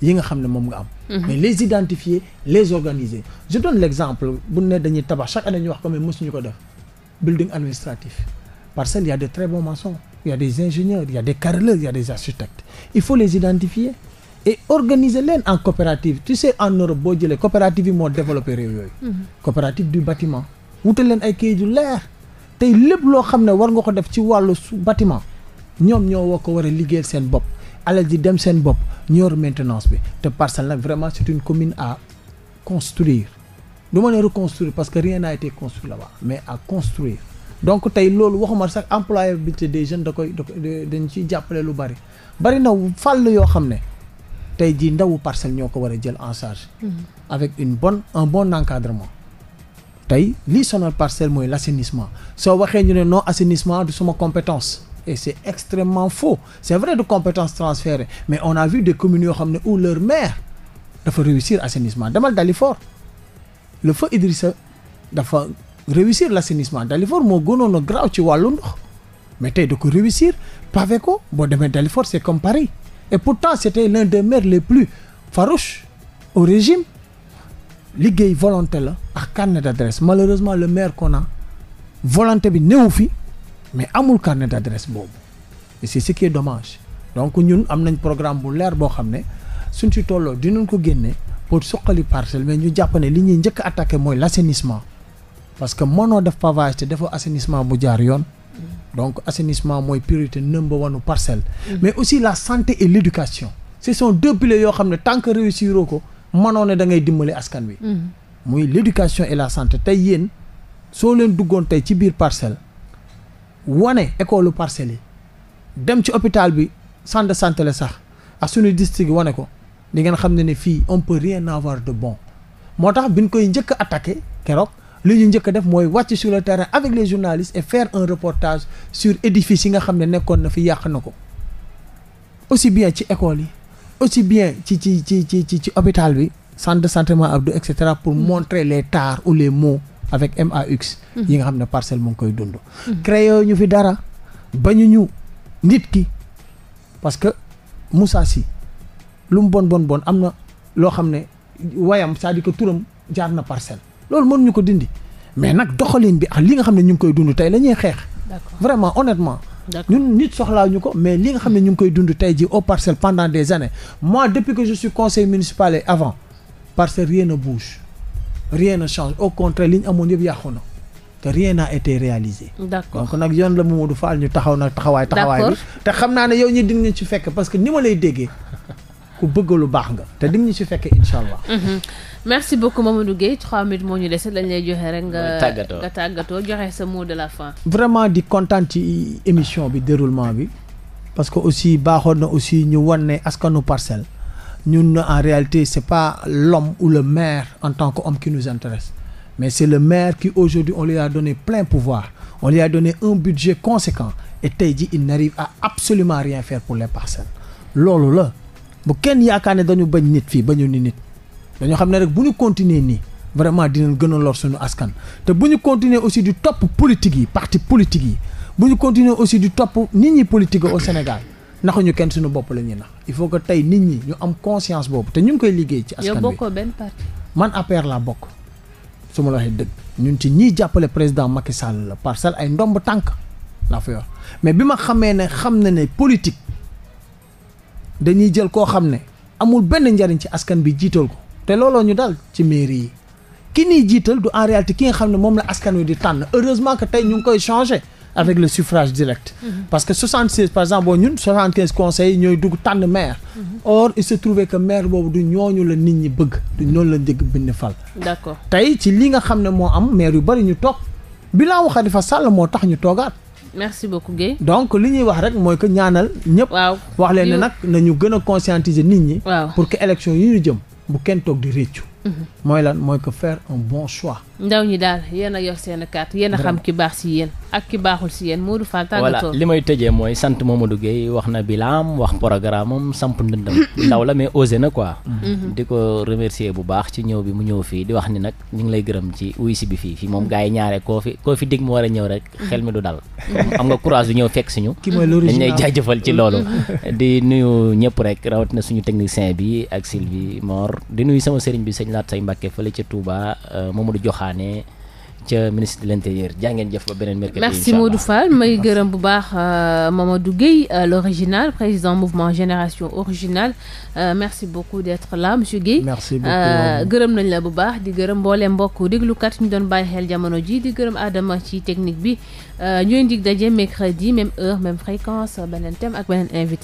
[SPEAKER 3] yi nga xam ne moom nga am mhm. mais les identifier les organiser je donne l'exemple bu ne dañuy tabax chaque année ñu wax ko mais mësuñu ko def building administratif parcelle il y a de très bons maçons il y a organiser leen en coopérative tu sais en Europe boo jëlee coopérative yi moo développé réew yooyu. Mm-hmm. coopérative du batiment wute leen ay kayit yu leer tey lépp loo xam ne war nga ko def ci wàllu su bâtiment ñoom ñoo woo ko war a liggéeyal seen bopp alal ji dem seen bopp ñor maintenance bi te Parcelles nag vraiment c'est une commune à construire du ma ne reconstruire parce que rien n'a été construit là-bas mais à construire. donc tey loolu waxuma sax employabilité des jeunes da koy da dañ ciy jàppale lu bari bari na fàll yoo xam ne. tey jii ndawu parcelle ñoo ko war a jël en charge. Mm-hmm. avec une bonne un bon encadrement. tey lii sonal parcelle mooy l' assainissement soo waxee ñu ne non assainissement du suma compétence. et c' est extrêmement faux c' vrai de compétences transférées mais on a vu des communes yoo xam ne où leur maire dafa réussir assainissement demal Dalifort le feu Idrissa dafa réussir l' assainissement Dalifort moo gënoon a graaw ci wàllu ndox mais tey da ko réussir pavé ko boo demee Dalifort c' est comme Et pourtant, c'était l'un des maires les plus farouches au régime. liggéey volonté la ak carnet d'adresse malheureusement le maire qu'on a bi néew fi mais amul carnet d'adresse boobu et c'est ce qui est dommage donc ñun am nañ programme bu leer boo xam ne suñ ci tolloo dinañ ko génne pour suqali parcelle mais ñu jàpp ne li ñuy njëkk attaqué mooy l'assainissement parce que mënoo def pavage te defoo assainissement bu jaar yoon donc assainissement mooy priorité number one parcelle. mais aussi la santé et l' éducation. ce sont deux yoo xam ne tant que réussir ko mënoo ne dangay ngay dimbali askan wi. Mm-hmm. muy léducation et la santé tey yéen soo leen duggoon tey ci biir parcelle wane école parcelle yi dem ci hôpital bi centre de santé sax ak suñu district wane ko di ngeen xam ne ne fii on peut rien avoir de bon moo tax bi ñu koy njëkk a attaqué keroog. li ñu njëkk def mooy wàcc sur le terrain avec les journalistes et faire un reportage sur édifice yi nga xam ne nekkoon na fi yàq na ko aussi bien ci école yi aussi bien ci ci ci ci ci ci hôpital bi centre de santé Abdou et cetera pour mm-hmm. montrer les tares ou les maux avec MAX. Mm-hmm. yi nga xam ne parcelle mu ngi koy dund. Mm-hmm. créé ñu fi dara bañu ñu nit ki parce que Moussa Sy lu mu bon bon bon am na loo xam ne wayam c'est-à-dire turam jaar na parcelle. loolu mënuñu ko dindi mais nag doxalin bi ak li nga xam ne ñu ngi koy dund tey la ñuy xeex vraiment honnêtement ñun nit soxlaa ñu ko mais li nga xam ne ñu ngi koy dund tey ji au parcelle pendant de années moi depuis que je suis conseil municipal et avant parcelle rien ne bouge rien ne change au contraire li ñu amoon yëpp yàqu na que rien n'a été réalisé. d'accord donc nag yoon la Mamadou Fall ñu taxaw nag taxawaay. taxawaay bi te xam naa ne yow ñi di nga ñu ci parce que ni ma lay déggee ku bëgg lu baax nga te di nga ñu ci fekk incha allah.
[SPEAKER 1] Mm-hmm. merci beaucoup Mamadou Guèye trois moo ñu dese lañ lay joxe rek nga nga tàggatoo joxe sa mot de la fin.
[SPEAKER 3] vraiment di kontaan ci émission bi déroulement bi parce que aussi baaxoon na aussi ñu wan ne askanu parcelle ñun en réalité c'est pas l'homme ou le en tant qu'homme qui nous intéresse mais c'est le maire qui aujourd'hui on lui a donné plein pouvoir on lui a donné un budget conséquent et tey ji il n'arrive à absolument rien faire pour les parcelles loolu la bu kenn yaakaar ne dañu bañ nit fii bañu ni nit dañoo xam ne rek bu ñu continuer nii vraiment dinañ gën a lor suñu askan te bu ñu continuer aussi di topp politique yi parti politique yi bu ñu continuer aussi di topp nit ñi politique au Sénégal ñu kenn suñu bopp la ñuy nax il faut que tey nit ñi ñu am conscience boobu te ñu ngi koy liggéey ci askan bi yow bokkoo benn man APR laa bokk su ma la dëgg ñun ci ñiy jàppale président Macky Sall la parcelle ay ndomb tànk laa fa yor mais bi ma xamee ne xam na ne politique dañuy jël koo xam ne amul benn njariñ ci askan bi jiital ko te looloo ñu dal ci mairie yi ki ñuy jiital du en réalité ki nga xam ne moom la askan wi di tànn heureusement que tey ñu ngi koy changé avec le suffrage direct. Mhm. parce que 76 par exemple boo ñun 75 conseils ñooy dugg tànn maire. Mhm. or il se trouvait que maire boobu du ñooñu la nit ñi bëgg. du ñooñu la njëkk bind fal. d'accord tey ci li nga xam ne moo am maire yu bari ñu toog bilan wu Khalifa Sall moo tax ñu toogaat.
[SPEAKER 1] merci beaucoup Guèye.
[SPEAKER 3] donc li ñuy wax rek mooy que ñaanal. ñëpp wax leen ne nag nañu gën a conscientiser nit ñi. waaw pour que élection yi jëm. bu kenn toog di
[SPEAKER 2] réccu
[SPEAKER 1] mhm.
[SPEAKER 3] mooy lan mooy que faire un bon choix
[SPEAKER 1] ndaw ñi daal yéen a yor seen i carte a xam ki baax si yéen ak ki baaxul si yéen du Fall tàggatoo voilà li
[SPEAKER 2] may tëjee mooy sant Mamadou Gueye wax na bilaam wax programme am samp ndëndam [coughs] ndaw la mais osé na quoi mm-hmm. Mm-hmm. di ko remercier bu baax ci ñëw bi mu ñëw fii di wax ni nag ñu ngi lay gërëm ci wuy bi fii fii moom mm-hmm. gars yi ñaare koo fi koo fi dig mu war a ñëw rek xel mi du dal am nga courage du ñëw fekk suñu dañ lay jaajëfal ci loolu di nuyu ñëpp rek rawatina suñu technicien bi ak Sylvie Mor di nuyu sama sëriñ bi sëñ Laat Say Mbàkke fële ca Touba euh, Mamadou Joxa Sané ca ministre de l'intérieur jaa ngeen jëf ba beneen mercredi merci Modou
[SPEAKER 1] Fall may gërëm bu baax euh, Mamadou Guèye euh, l'original président mouvement génération originale euh, merci beaucoup d'être là monsieur Guèye merci beaucoup gërëm nañ la bu baax di gërëm mboolee mbokk déglukat ñu doon bàyyi xel jamono ji di gërëm Adama ci technique bi ñooy dig daje mercredi même heure même fréquence beneen thème ak beneen invité